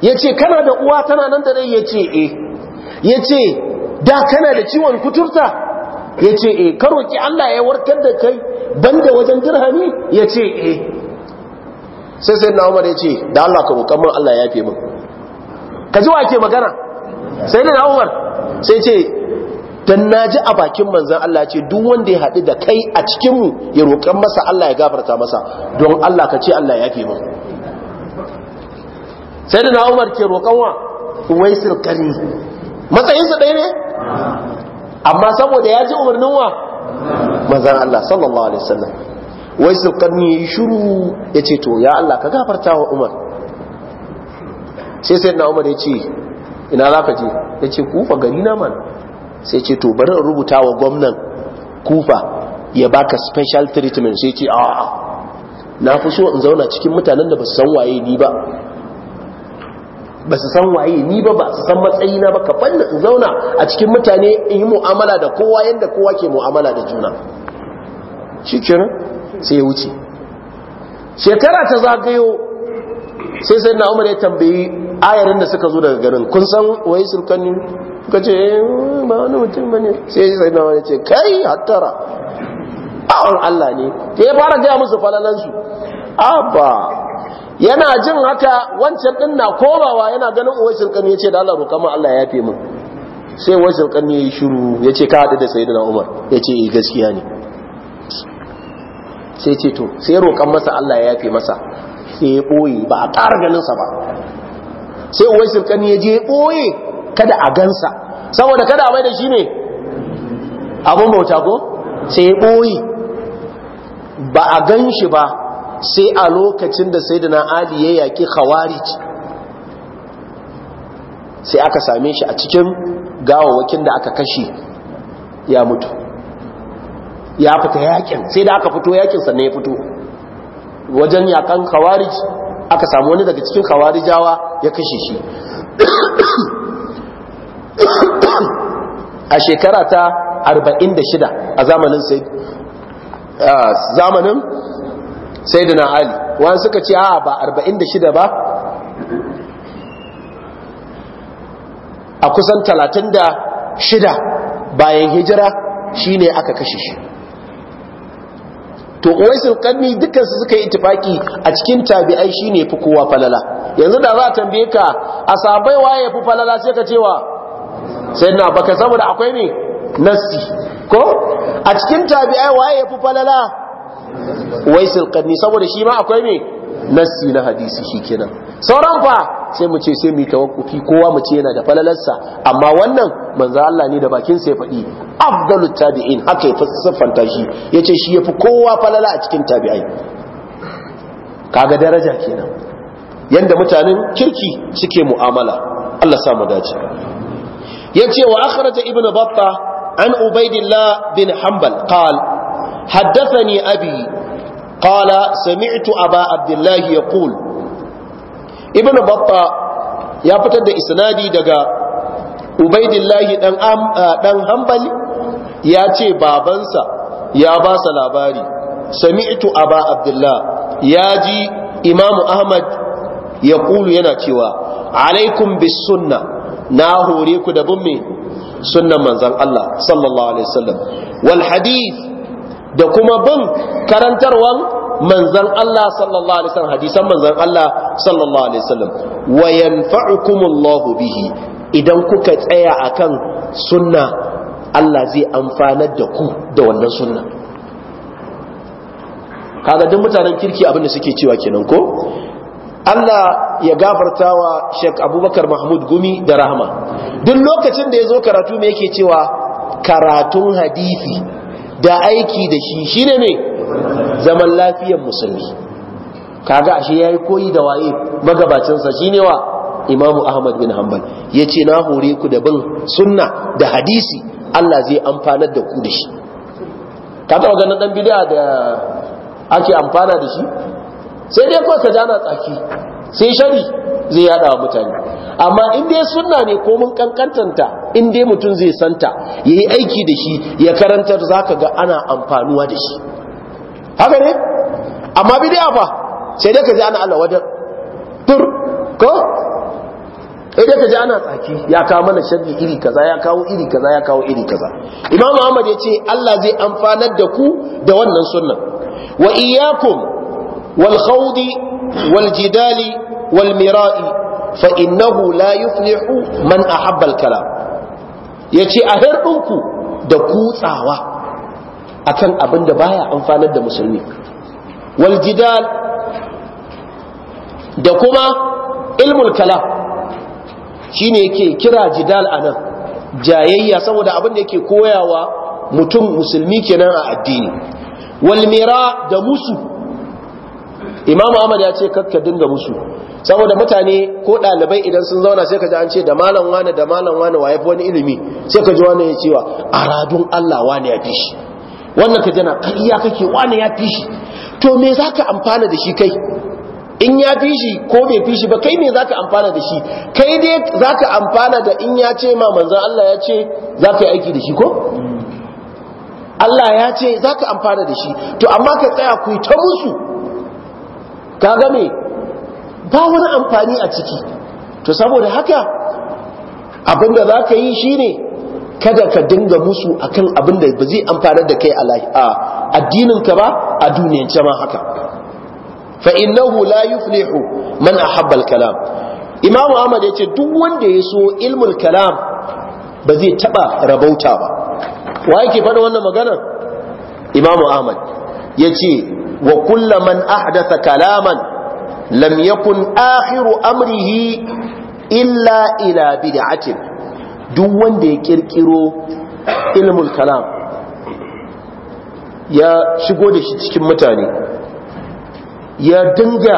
ya ce kana da uwa tana nan da rai ya ce e ya ce da kana da ciwon kuturta ya ce e eh. karo ki Allah ya warkar da kai banda wajen dirhami ya ce e sai sai da Umar ya ce da Allah ka roƙa min Allah ya yafe min ka ji wa ke magana sai da Umar sai ce dan naji a bakin manzon Allah ce duk wanda ya haɗu da kai a cikin mu ya roƙan masa Allah ya gafarta masa don Allah ka ce Allah ya fi mu sai da na Umar ke roƙan wa Uwaisir Kani matsayinsa ɗaya ne amma saboda ya ji umarnin wa manzon Allah sallallahu alaihi wasallam Uwaisir Kani ya yi shiru ya ce to ya Allah ka gafarta wa Umar sai sai na Umar ya ce ina za ka je ya ce kufa gari na mana sai ce to bari rubuta wa gwamnan kufa ya baka special treatment sai ce a na fi so in zauna cikin mutanen da ba su san waye ni ba ba su san waye ni ba ba su san matsayina ba ka fanna in zauna a cikin mutane in yi mu'amala da kowa yadda kowa ke mu'amala da juna shi sai ya wuce shekara ta zagayo sai sai na umar ya tambayi ayarin da suka zo daga garin kun san wai sulkani ka ce eh, ba wani mutum ba ne sai sai na wani ce kai hattara awon allah ne ta ya fara gaya musu falalansu abba yana jin haka wancan din na komawa yana ganin uwai sulkani ya ce da allah roƙa ma allah ya fi mun sai uwai sulkani ya yi shiru ya ce ka haɗu da sayyidina umar ya ce eh, gaskiya ne sai ce to sai roƙan masa Allah ya yafe masa sai ya ɓoye ba a ƙara ganinsa ba sai uwai sulkani ya je ya ɓoye kada a gansa saboda kada a mai da shi ne abin bauta ko sai ya ɓoye ba a gan shi ba sai a lokacin da sai na ali ya yaƙi khawarij sai aka same shi a cikin gawawakin da aka kashe ya mutu ya fita yakin sai da aka fito yakin sannan ya fito wajen yakan khawarij aka samu wani daga cikin khawarijawa ya kashe shi a shekara ta 46 a zamanin sai zamanin sayyidina ali wani suka ce a ba 46 ba a kusan 36 bayan hijira shine aka kashe shi to uwaisul qarni dukkan su suka yi itifaki a cikin tabi'ai shine fi kowa falala yanzu da za a tambaye ka asabai waye fi falala sai ka cewa sayyidina baka saboda akwai ne nassi ko a cikin tabi'ai waye fi falala uwaisul qarni saboda shi ma akwai ne nassi na hadisi shikenan sauran fa sai mu ce sai mu yi tawakkufi kowa mu ce yana da falalarsa amma wannan manzo Allah ne da bakin sa ya faɗi afdalut tabi'in haka ya siffanta shi yace shi yafi kowa falala a cikin tabi'ai kaga daraja kenan yanda mutanen kirki suke mu'amala Allah sa mu dace yace wa akhraja ibnu batta an ubaidillah bin hanbal qal haddathani abi قال سمعت أبا عبد الله يقول ibn batta ya fitar da isnadi daga ubaidillahi dan dan hanbali ya ce babansa ya ba sa labari sami'tu aba abdullah ya ji imamu ahmad ya kulu yana cewa alaikum bis sunna na hore ku da bin sunnan manzon Allah sallallahu alaihi wasallam wal hadith da kuma bin karantarwan manzan Allah sallallahu alaihi wasallam hadisan manzan Allah sallallahu alaihi wasallam wa bihi idan kuka tsaya akan sunna Allah zai amfanar da ku da wannan sunna kaga duk mutanen kirki abin suke cewa kenan ko Allah ya gafarta wa Sheikh Abubakar Mahmud Gumi da rahama duk lokacin da ya zo karatu me yake cewa karatun hadisi da aiki da shi shine mai zaman lafiyar musulmi kaga ashe yayi koyi da waye magabacinsa shi shine wa imamu ahmad bin hanbal ce na hore ku da bin sunna da hadisi Allah zai amfanar da ku da shi ka wa ganin dan bid'a da ake amfana da shi sai dai kawai ka jana tsaki sai shari zai yada wa mutane amma in dai sunna ne ko mun kankantanta in dai mutum zai santa ya yi aiki da shi ya karantar ka ga ana amfanuwa da shi haka ne amma bid'a ba, sai dai ka ji ana Allah wajen tur ko Sai dai ka ji ana tsaki ya kawo mana sharri iri kaza ya kawo iri kaza ya kawo iri kaza imam muhammad ya ce allah zai amfanar da ku da wannan sunnan wa iyyakum wal khawdi wal jidali wal mira'i fa innahu la yuflihu man ahabbal kalam yace a hirɗinku da kutsawa akan abin da baya amfanar da musulmi wal da kuma ilmul kalam shine ke kira jidal anan jayayya saboda abin da yake koyawa mutum musulmi kenan a addini Walmira da musu imam ahmad ya ce kakka dinga musu saboda mutane ko ɗalibai idan sun zauna sai ka ji an ce da malam wani da malam wani wa yafi wani ilimi sai ka ji wani ya cewa aradun allah wani ya fi shi wannan ka jana ƙarya kake wani ya fi shi to me za ka amfana da shi kai in ya fi shi ko bai fi shi ba kai me za ka amfana da shi kai dai za ka amfana da in ya ce ma manzan Allah ya ce za ka yi aiki da shi ko? Allah ya ce za ka amfana da shi to amma ka tsaya ku ta musu kaga me ba wani amfani a ciki to saboda haka abinda za ka yi shine kada ka dinga musu a kan abinda ba zai amfani da kai a ka ba a duniyar ma haka fa innahu la yuflihu man a habbal kalam imam ahmad yace duk wanda ya so ilmul kalam ba zai taba rabauta ba wa yake faɗa wannan magana imam ahmad yace wa kulla man ahdatha kalaman lam yakun akhiru amrihi illa ila bid'atin duk wanda ya kirkiro ilmul kalam ya shigo da shi cikin mutane ya dinga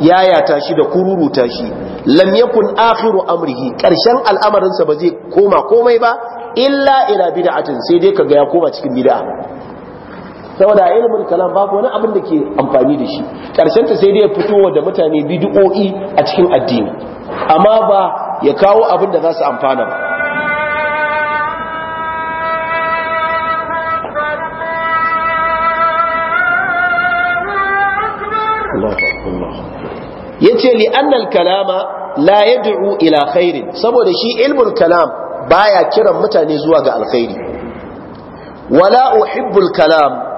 yaya shi da kururu shi lam yakun akhiru amrihi karshen al'amarinsa ba zai koma komai ba illa ila bid'atin sai dai kaga ya koma cikin bid'a saboda ilimin kalam babu wani abin da ke amfani da shi karshen ta sai dai ya fito da mutane bid'o'i a cikin addini amma ba ya kawo abin da za su amfana ba yace li annal kalama la yad'u ila khairin saboda shi ilmul kalam baya kiran mutane zuwa ga alkhairi wala uhibbul kalam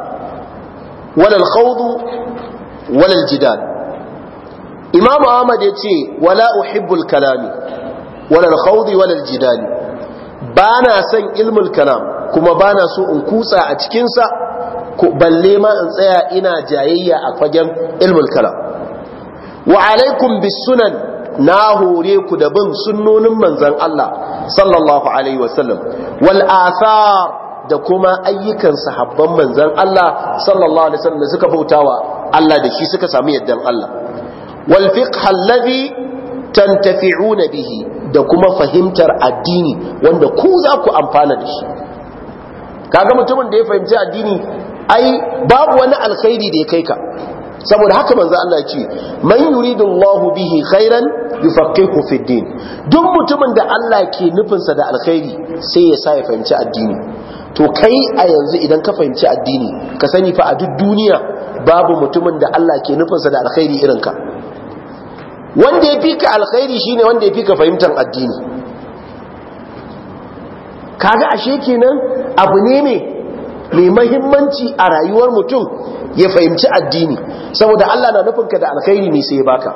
wala alkhawdu wala aljidal imamu ahmad ya ce wala uhibbul kalami wala alkhawdi wala aljidali bana son ilmul kalam kuma bana so in kutsa a cikin sa balle ma in tsaya ina jayayya a fagen ilmul kalam wa alaikum bis na hore ku da bin sunnonin manzon Allah sallallahu alaihi wasallam wal athar da kuma ayyukan sahabban manzan Allah sallallahu alaihi wasallam da suka bautawa Allah da shi suka samu yaddan Allah wal fiqh allazi tantafi'una bihi da kuma fahimtar addini wanda ku za ku amfana da shi kaga mutumin da ya fahimci addini ai babu wani alkhairi da ya kai ka saboda haka manzo Allah ya ce man yuridu Allahu bihi khairan yufaqihu fi din duk mutumin da Allah ke nufinsa da alkhairi sai ya sa ya fahimci addini to kai a yanzu idan ka fahimci addini ka sani fa a duk duniya babu mutumin da Allah ke nufinsa da alkhairi irin ka wanda ya fi ka alkhairi shine wanda ya fi ka fahimtar addini kaga ashe kenan abu ne ne mai mahimmanci a rayuwar mutum ya fahimci addini saboda Allah na nufin ka da alkhairi ne sai ya baka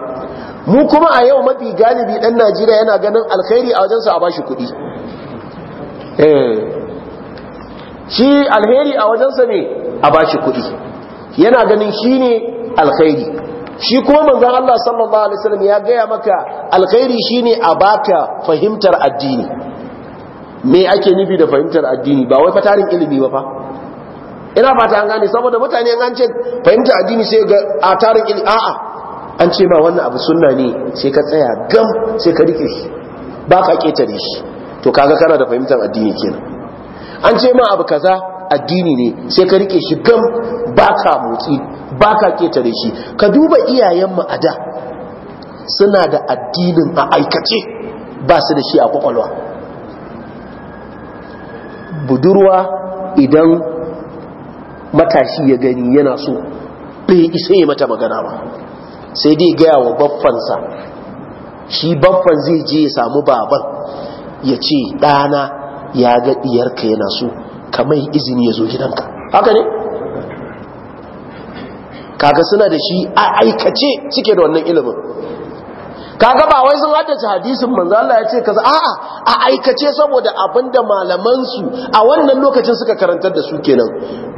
mu kuma a yau mafi galibi dan Najeriya yana ganin alkhairi a wajensa a bashi kuɗi eh shi alheri a wajen sa ne a bashi kuɗi yana ganin shi ne alkhairi shi kuma manzon Allah sallallahu alaihi wasallam ya gaya maka alkhairi ne a baka fahimtar addini me ake nufi da fahimtar addini ba wai fatarin ilimi ba fa ina fata an gane saboda mutane an ce fahimtar addini sai ga a tarin ilimi a'a an ce ma wannan abu sunna ne sai ka tsaya gam sai ka rike shi ba ka ketare shi to kaga kana da fahimtar addini kenan an ce ma abu kaza addini ne sai ka rike shi gam baka motsi baka ketare shi ka duba iyayenmu a da suna da addinin a aikace ba su da shi a kwakwalwa budurwa idan matashi ya gani yana so bai isa yi mata magana ba sai dai gaya wa baffansa shi baffan zai je ya samu baban ya ce ɗana ya ga ɗiyarka yana so ka kamar izini ya zo gidanka haka ne kaga suna da shi a aikace cike da wannan ilimin kaga ba wai sun haddace hadisin manzo Allah ya ce kaza a'a a aikace saboda abinda malaman su a wannan lokacin suka karantar da su kenan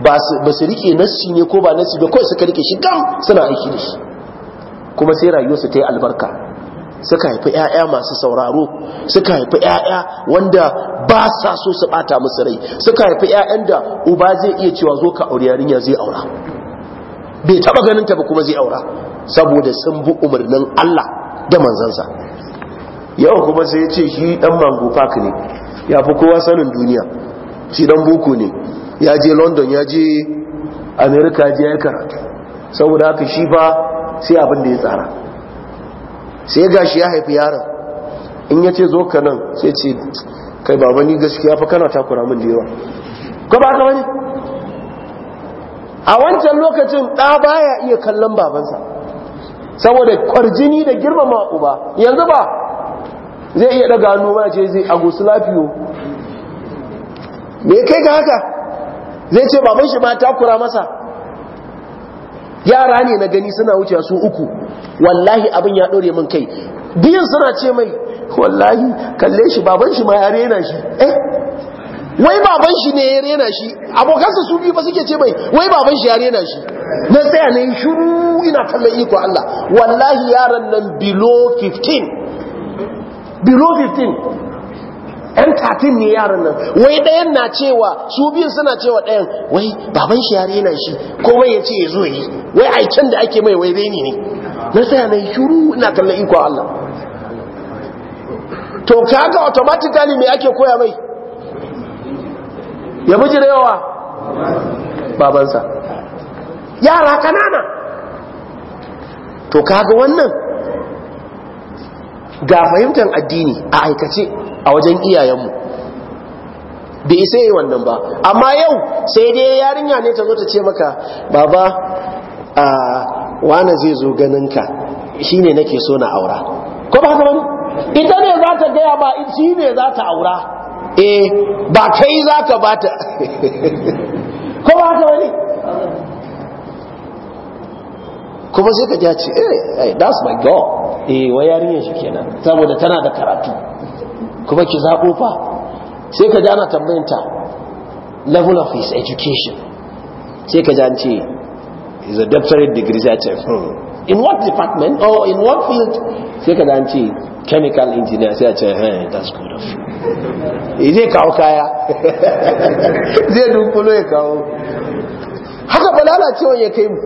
ba su ba su rike nassi ne ko ba nassi ba kai suka rike shi gam suna aiki da shi kuma sai rayuwarsu ta yi albarka suka haifi 'ya'ya masu sauraro suka haifi 'ya'ya wanda ba sa so su bata musu rai suka haifi 'ya'yan da uba zai iya cewa zo ka aure yarinya zai aura bai taba ganin ta ba kuma zai aura saboda sun bi umarnin Allah da manzansa yau kuma sai ya ce shi dan mango park ne ya fi kowa sanin duniya shi dan boko ne ya je london ya je america ya je karatu saboda haka shi ba sai abin da ya tsara sai gashi ya haifi yaron in ya ce zo ka nan sai ce kai baba ni gaskiya fa kana takura min da yawa ko ba ka bane a wancan lokacin ɗa baya iya kallon babansa saboda kwarjini da girmama uba yanzu ba zai iya daga hannu ba ce zai lafiyo me kai ga haka zai ce baban shi ma takura masa yara ne na gani suna wuce su uku wallahi abin ya ɗore min kai biyan suna ce mai wallahi kalle shi baban shi ma ya rena shi eh wai baban shi ne ya rena shi Abokan su biyu ba suke ce mai wai baban shi ya rena shi na tsaya na yi shuru ina kallon iko Allah wallahi yaran nan below 15 below 15 'yan katin ne yaran nan wai ɗayan na cewa su biyun suna cewa ɗayan wai baban shi ya na shi ko wai ya ce ya zo yi wai aikin da ake mai wai reni ne na tsaya na yi shuru ina kallon ikon Allah to kaga automatically me ake koya mai ya da yawa babansa yara kanana to kaga wannan ga fahimtar addini a aikace a wajen iyayenmu bai isa yi wannan ba amma yau sai dai yarinya ne ta zo ta ce maka baba a wane zai zo ganinka ne nake so na aura ko ba wani ita ne za ta gaya ba shi ne za ta aura eh ba kai za ka ba ta ko ba haka wani kuma sai ka ce eh that's my god eh wai yarinyar shi kenan saboda tana da karatu kuma ki zabo fa sai ka ji ana tambayanta level of his education sai ka ji an ce is a doctorate degree sai ce hmm. in what department or oh, in what field sai ka ji an ce chemical engineer sai ce hey that's good of you eh, zai kawo kaya zai dunkulo ya kawo haka ba lalacewa ya kai mu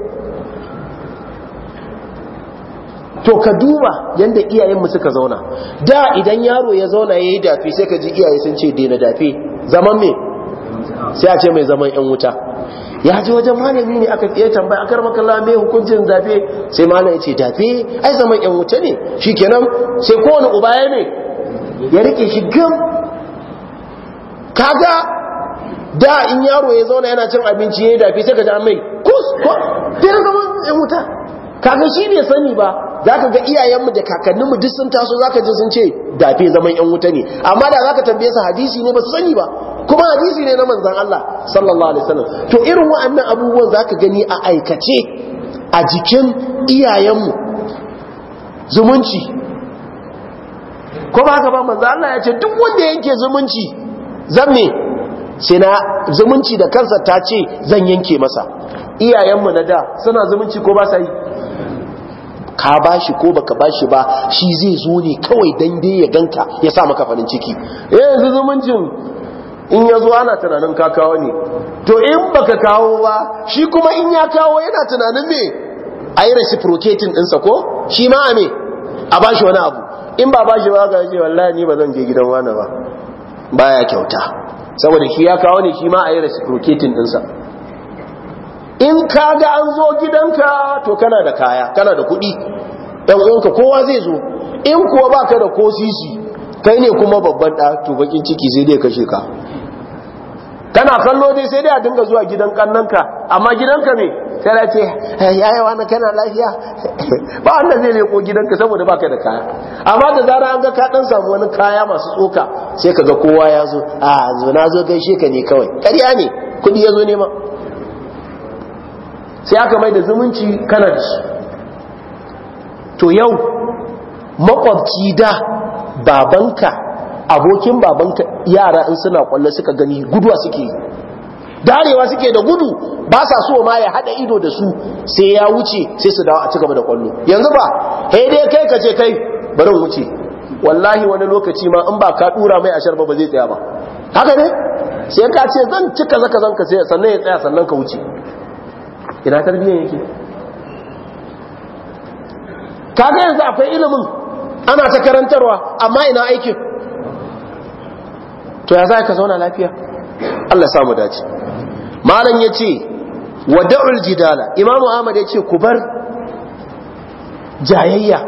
to ka duba yadda iyayenmu suka zauna da idan yaro ya zauna ya yi dafi sai ka ji iyaye sun ce daina dafi zaman me sai a ce mai zaman yan wuta ya ji wajen malami ne aka iya tambaya akar makalla mai hukuncin dafe sai malami ya ce dafe ai zaman yan wuta ne shikenan sai kowane uba ya ne ya rike shi gam kaga da in yaro ya zauna yana cin abinci ya yi dafi sai ka ji an mai kus ko dai zaman yan wuta kaga shi bai sani ba za ka ga iyayenmu da kakannin mu duk sun taso za ka ji sun ce dafe zaman yan wuta ne amma da za ka tambaye su hadisi ne ba su sani ba kuma hadisi ne na manzan Allah sallallahu alaihi wasallam to irin wa'annan abubuwan za ka gani a aikace a jikin iyayenmu zumunci kuma haka ba manzan Allah ya ce duk wanda yanke zumunci zan ne, sai na zumunci da kansa ta ce zan yanke masa iyayenmu na da suna zumunci ko ba sa yi ka ba shi ko baka bashi ba shi zai zo ne kawai dan dai ya ganka ya sa maka farin ciki eh yanzu zumuncin in ya zo ana tunanin ka kawo ne to in baka kawo ba shi kuma in ya kawo yana tunanin me a yi reciprocating ɗinsa ko shi ma a me a bashi wani abu in ba bashi ba ga ce wallahi ni ba zan je gidan wani ba baya kyauta saboda shi ya kawo ne shi ma a yi reciprocating ɗinsa in ka ga an zo gidanka to kana da kaya kana da kuɗi ɗan uwanka kowa zai zo in kuwa baka da ko sisi kai ne kuma babban ɗa to bakin ciki sai dai kashe ka kana kallo dai sai dai a dinga zuwa gidan ƙannanka amma gidanka ne sai da ce eh, yaya wani kana lafiya ba wanda zai leko gidanka saboda baka da kaya amma da zara an ga ka ɗan samu wani kaya masu tsoka sai ka ga kowa ya zo a ah, zo na zo gaishe ka ne kawai ƙarya ne kuɗi ya zo nema sai aka mai da zumunci kana da shi to yau makwabci da babanka abokin babanka yara in suna kwallo suka gani guduwa suke darewa suke da gudu ba sa so ma ya hada ido da su sai ya wuce sai su dawo a cigaba da kwallo yanzu ba hey dai kai kace kai bari wuce wallahi wani lokaci ma in ba ka dura mai ashar ba ba zai tsaya ba haka ne sai ka ce zan cika zaka zanka sai sannan ya tsaya sannan ka wuce ina tarbiyyar yake kaga yanzu akwai ilimin ana ta karantarwa amma ina aikin to ya za ka zauna lafiya Allah samu dace malam ya ce wada'ul jidala imamu ahmad ya ce ku bar jayayya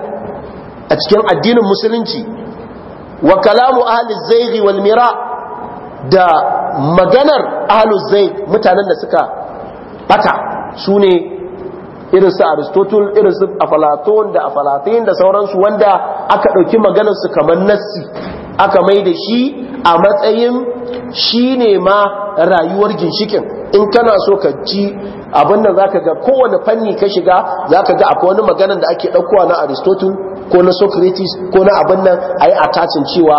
a cikin addinin musulunci wa kalamu ahli zaighi wal mira da maganar ahli zaigh mutanen da suka bata su ne irin su aristotle irin su afalaton da afalatin da sauransu wanda aka ɗauki maganarsu kamar nassi aka mai da shi a matsayin shi ne ma rayuwar ginshikin in kana so ka ci abin da za ka ga kowane fanni ka shiga za ka ga akwai wani maganar da ake ɗaukowa na aristotle ko na socrates ko na abin nan a yi attacin cewa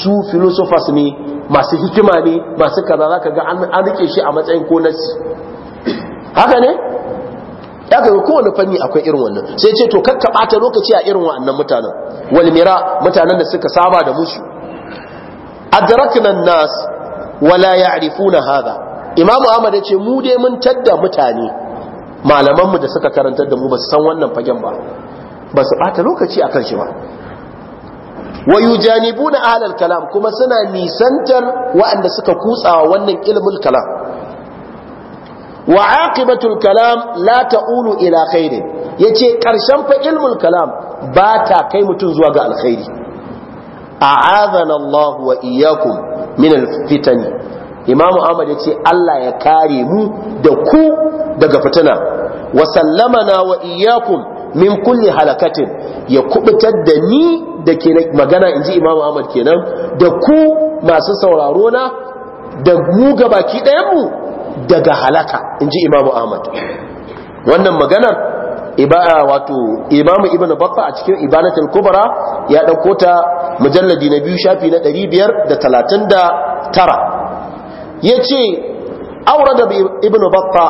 su filosofas ne masu hikima ne masu kaza za ka ga an rike shi a matsayin ko Nassi. haka ne ya ga kowane fanni akwai irin wannan sai ce to kakka bata lokaci a irin wa'annan mutanen walmira mutanen da suka saba da musu adrakna nas wala ya'rifuna hadha imamu ahmad yace mu dai mun tadda mutane malaman mu da suka karantar da mu ba su san wannan fagen ba ba su bata lokaci akan shi ba wa yujanibuna ahlal kalam kuma suna nisantar wa'anda suka kutsawa wannan ilmul kalam wa aqibatul kalam la ta'ulu ila khairin yace karshen fa ilmul kalam ba ta kai mutun zuwa ga alkhairi a'adana Allah wa iyyakum min alfitani imamu ahmad yace Allah ya kare mu da ku daga fitina wa sallamana wa iyyakum min kulli halakatin ya kubutar da ni da ke magana inji imamu ahmad kenan da ku masu sauraro na da mu baki ɗayan mu daga halaka in ji imamu ahmad wannan maganar wato imamu ibn Bakka a cikin ibanatul kubra ya ɗauko ta mujalladi na biyu shafi na 539 ya ce aure da ibn Bakka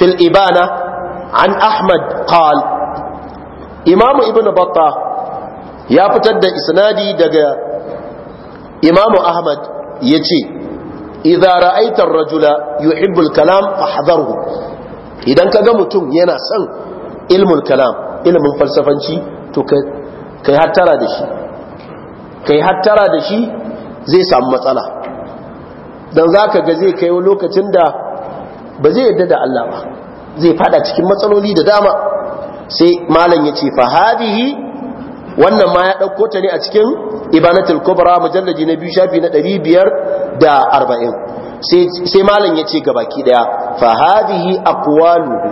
fil ibana an ahmad qal imamu ibn Bakka ya fitar da isnadi daga imamu ahmad ya ce idza ra'aita ar-rajula yuhibbul kalam fahdharhu idan ga mutum yana son ilmul kalam ilmin falsafanci to kai hattara da shi kai hattara da shi zai samu matsala dan zaka ga zai kai lokacin da ba zai yarda da Allah ba zai fada cikin matsaloli da dama sai malam yace fa hadihi wannan ma ya ɗauko ta ne a cikin ibanatul kubra mujalladi na biyu shafi na ɗari biyar da arba'in sai malam ya ce gabaki daya fa hadhihi aqwaluhu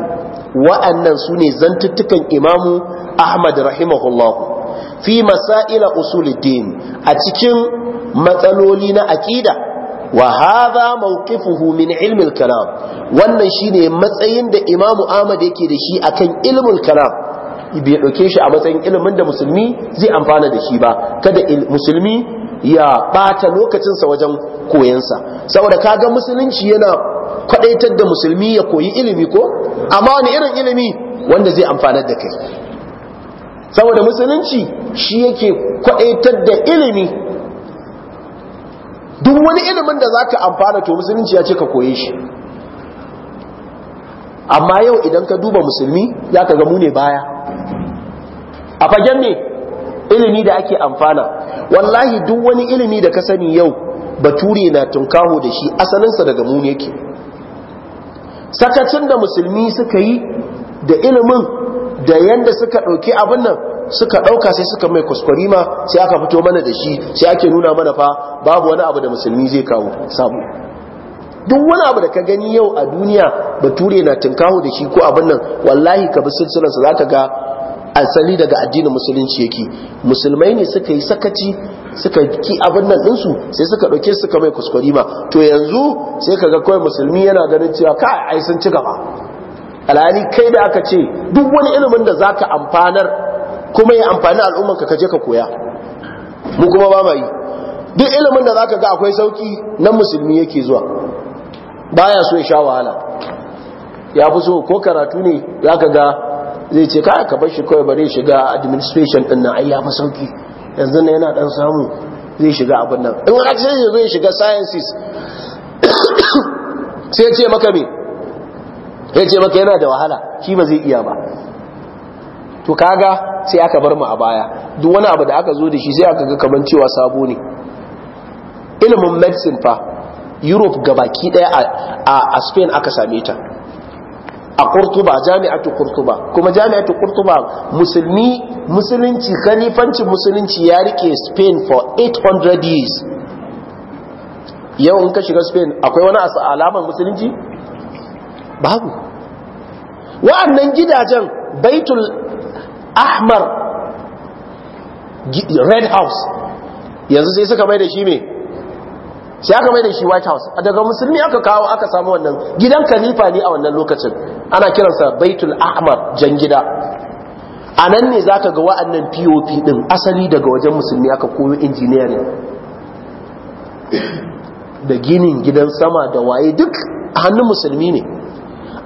wa'annan su ne zantuttukan imamu ahmad rahimahullahu fi masaila usuluddin a cikin matsaloli na aqida wa hadha mawqifuhu min ilmi al-kalam wannan shine matsayin da imamu ahmad yake da shi akan ilmul kalam bai dauke shi a matsayin ilimin da musulmi zai amfana da shi ba kada musulmi ya ɓata lokacinsa wajen koyansa saboda kaga musulunci yana kwadaitar da musulmi ya koyi ilimi ko amma wani irin ilimi wanda zai amfanar da kai saboda musulunci shi yake kwadaitar da ilimi duk wani ilimin da zaka amfana to musulunci ya ce ka koye shi amma yau idan ka duba musulmi ya ka ga mu ne baya a fagen ne ilimi da ake amfana wallahi duk wani ilimi da ka sani yau bature na tunkaho da shi asalinsa daga mu yake sakacin da musulmi suka yi da ilimin da yanda suka ɗauki abin nan suka ɗauka sai suka mai kuskure ma sai aka fito mana da shi sai ake nuna mana fa babu wani abu da musulmi zai kawo samu duk wani abu da ka gani yau a duniya bature na tunkaho da shi ko abin nan wallahi ka bi silsilarsa za ka ga asali daga addinin musulunci yake musulmai ne suka yi sakaci suka ki abin nan ɗinsu sai suka ɗauke suka mai kuskure ma to yanzu sai kaga ga kawai musulmi yana ganin cewa kai ai sun ci gaba alhali kai da aka ce duk wani ilimin da zaka amfanar kuma ya amfani al'umman ka kaje ka koya mu kuma ba mai duk ilimin da zaka ga akwai sauki nan musulmi yake zuwa baya so ya sha wahala ya fi so ko karatu ne za ka ga zai ce ka ka bashi kawai bari shiga administration din nan ayya ya sauki yanzu ne yana dan samu zai shiga abin nan in har ce zai shiga sciences sai ya ce maka me ya ce maka yana da wahala shi ba zai iya ba to kaga sai aka bar mu a baya duk wani abu da aka zo da shi sai aka ga kaman cewa sabo ne ilimin medicine fa europe gabaki daya a spain aka same ta a kurtuba jami'atu kurtuba kuma jami'atu kurtuba musulmi musulunci khalifanci musulunci ya rike spain for 800 years yau in ka shiga spain akwai wani alamar musulunci babu wa'annan gidajen baitul ahmar red house yanzu sai suka mai da shi mai sai aka mai da shi white house daga musulmi aka kawo aka samu wannan gidan khalifa ne a wannan lokacin ana kiransa baitul ahmar jan gida a nan ne za ka ga wa'annan pop din asali daga wajen musulmi aka koyo injiniyarin da ginin gidan sama da waye duk hannun musulmi ne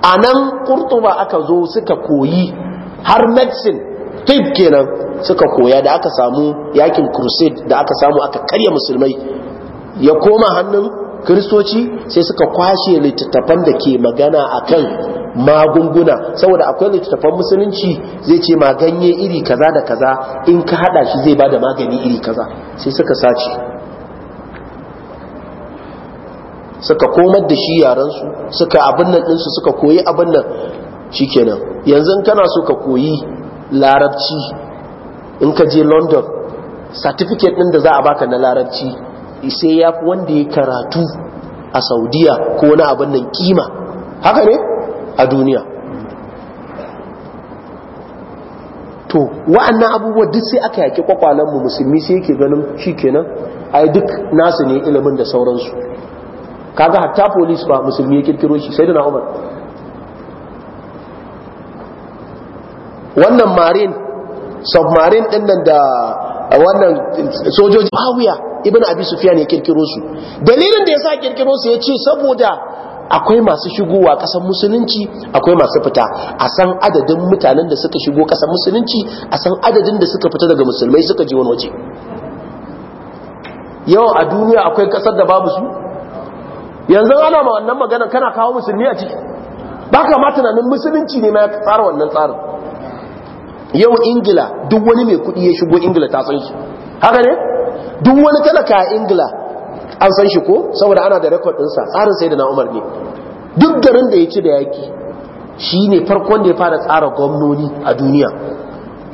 a nan kurtuba aka zo suka koyi har medicine tip kenan suka koya da aka samu yakin crusade da aka samu aka karya musulmai ya koma hannun kristoci sai suka kwashe littattafan da ke magana akan magunguna saboda akwai littattafan musulunci zai ce ma ganye iri kaza da kaza in ka hada shi zai bada magani iri kaza sai suka sace suka komar da shi yaransu suka abin nan su suka koyi abin nan shi kenan yanzu kana so ka koyi larabci in ka je london certificate din da za a baka na larabci sai ya fi wanda ya karatu a saudiya ko wani abin nan kima haka ne a duniya to wa'annan abubuwa duk sai aka yaki mu musulmi sai ke ganin shi kenan ai duk nasu ne ilimin da sauransu kaga hatta polis ba musulmi ya kirkiro shi sai da na umar wannan marine submarine din nan da wannan sojoji hawiya ibn abi sufyan ya kirkiro su dalilin da ya yasa kirkiro su ce saboda akwai masu shigowa kasan musulunci akwai masu fita a san adadin mutanen da suka shigo kasan musulunci a san adadin da suka fita daga musulmai suka ji wani waje yau a duniya akwai kasar da babu su yanzu ana ma wannan magana kana kawo musulmi a ciki ba ka ma tunanin musulunci ne ma ya tsara wannan tsarin yau ingila duk wani mai kuɗi ya shigo ingila ta san shi haka ne duk wani talaka a ingila an san shi ko saboda ana da rekod ɗinsa tsarin sai da na umar ne duk garin da ya ci da yaƙi shi ne farkon da ya fara tsara gwamnoni a duniya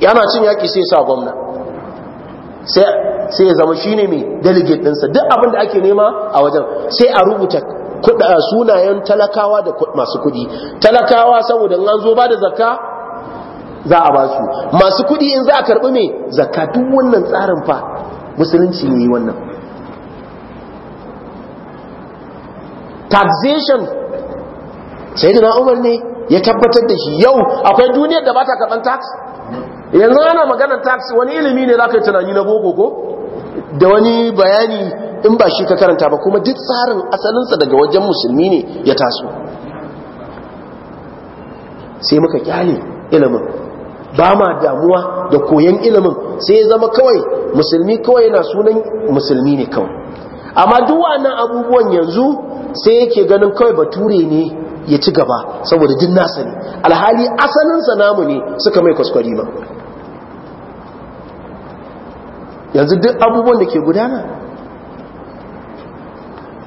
yana cin yaƙi sai sa gwamna sai ya zama shi ne mai delegate ɗinsa duk abin da ake nema a wajen sai a rubuta sunayen talakawa da masu kuɗi talakawa saboda an zo ba da zakka za a basu. masu kuɗi in za a karɓi mai zakka duk wannan tsarin fa musulunci ne yi wannan taxation sai da umar ne ya tabbatar da shi yau akwai duniyar da ba ta karɓar tax yanzu ana maganar tax wani ilimi ne za ka yi tunani na boko ko da wani bayani in ba shi ka karanta ba kuma duk tsarin asalinsa daga wajen musulmi ne ya taso sai muka kyale ilimin ba ma damuwa da koyon ilimin sai ya zama kawai musulmi kawai yana sunan musulmi ne kawai amma duk wannan abubuwan yanzu sai yake ganin kawai ba ture ne ya ci gaba saboda duk nasa ne alhali asalinsa namu ne suka mai kwaskwari ba yanzu duk abubuwan da ke gudana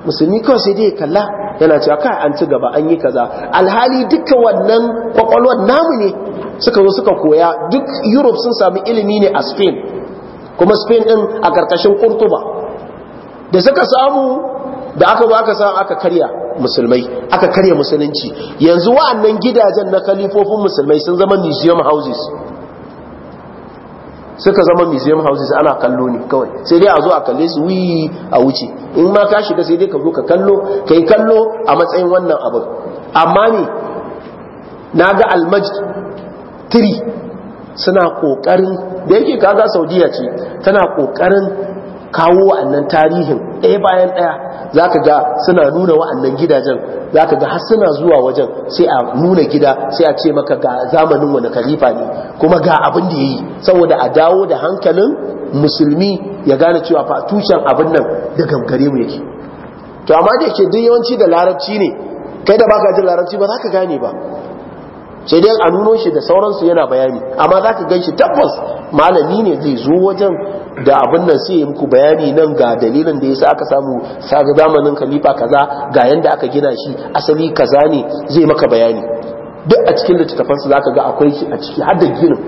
musulmi kawai sai dai kalla yana cewa ka an ci gaba an yi kaza alhali dukkan wannan kwakwalwar namu ne suka zo suka koya duk europe sun sami ilimi ne a spain kuma spain din a karkashin kurtuba da suka samu da aka zo aka samu aka karya musulmai aka karya musulunci yanzu wa'annan gidajen na kalifofin musulmai sun zama museum houses suka zama museum houses ana kallo ne kawai sai dai a zo a kalle su wuyi a wuce in ma ka shiga sai dai ka zo ka kallo kai kallo a matsayin wannan abin amma ne na ga almajid tiri suna ƙoƙarin da yake kaga saudiya ce tana kokarin kawo wa'annan tarihin ɗaya bayan ɗaya za ka ga suna nuna wa'annan gidajen za ka ga har zuwa wajen sai a nuna gida sai a ce maka ga zamanin wani kalifa ne kuma ga abin da ya yi saboda a dawo da hankalin musulmi ya gane cewa fa tushen abin nan da gangare mu yake to amma da yake duk yawanci da larabci ne kai da baka jin larabci ba za ka gane ba sai dai a nuno shi da sauransu yana bayani amma za ka gan shi tabbas malami ne zai zo wajen da abin nan sai muku bayani nan ga dalilin da ya sa aka samu saga zamanin kalifa kaza ga yanda aka gina shi asali kaza ne zai maka bayani duk a cikin littattafan su zaka ga akwai shi a ciki har da ginin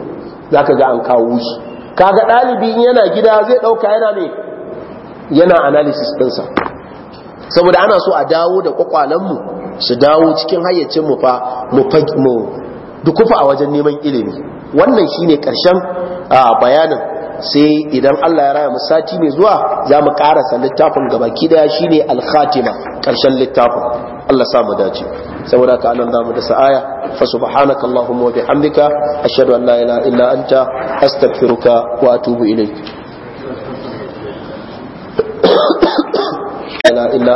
zaka ga an kawo shi kaga in yana gida zai dauka yana ne yana analysis ɗinsa saboda ana so a dawo da mu su dawo cikin hayyacin mu fa mu dukufa a wajen neman ilimi wannan shine karshen bayanin sai idan Allah ya raya mu sati mai zuwa za mu karasa littafin gabaki daya shine al-khatima karshen littafin Allah sa mu dace saboda ka anan zamu da sa'aya fa subhanaka allahumma wa bihamdika ashhadu an la ilaha illa anta astaghfiruka wa atubu ilayk لا إلا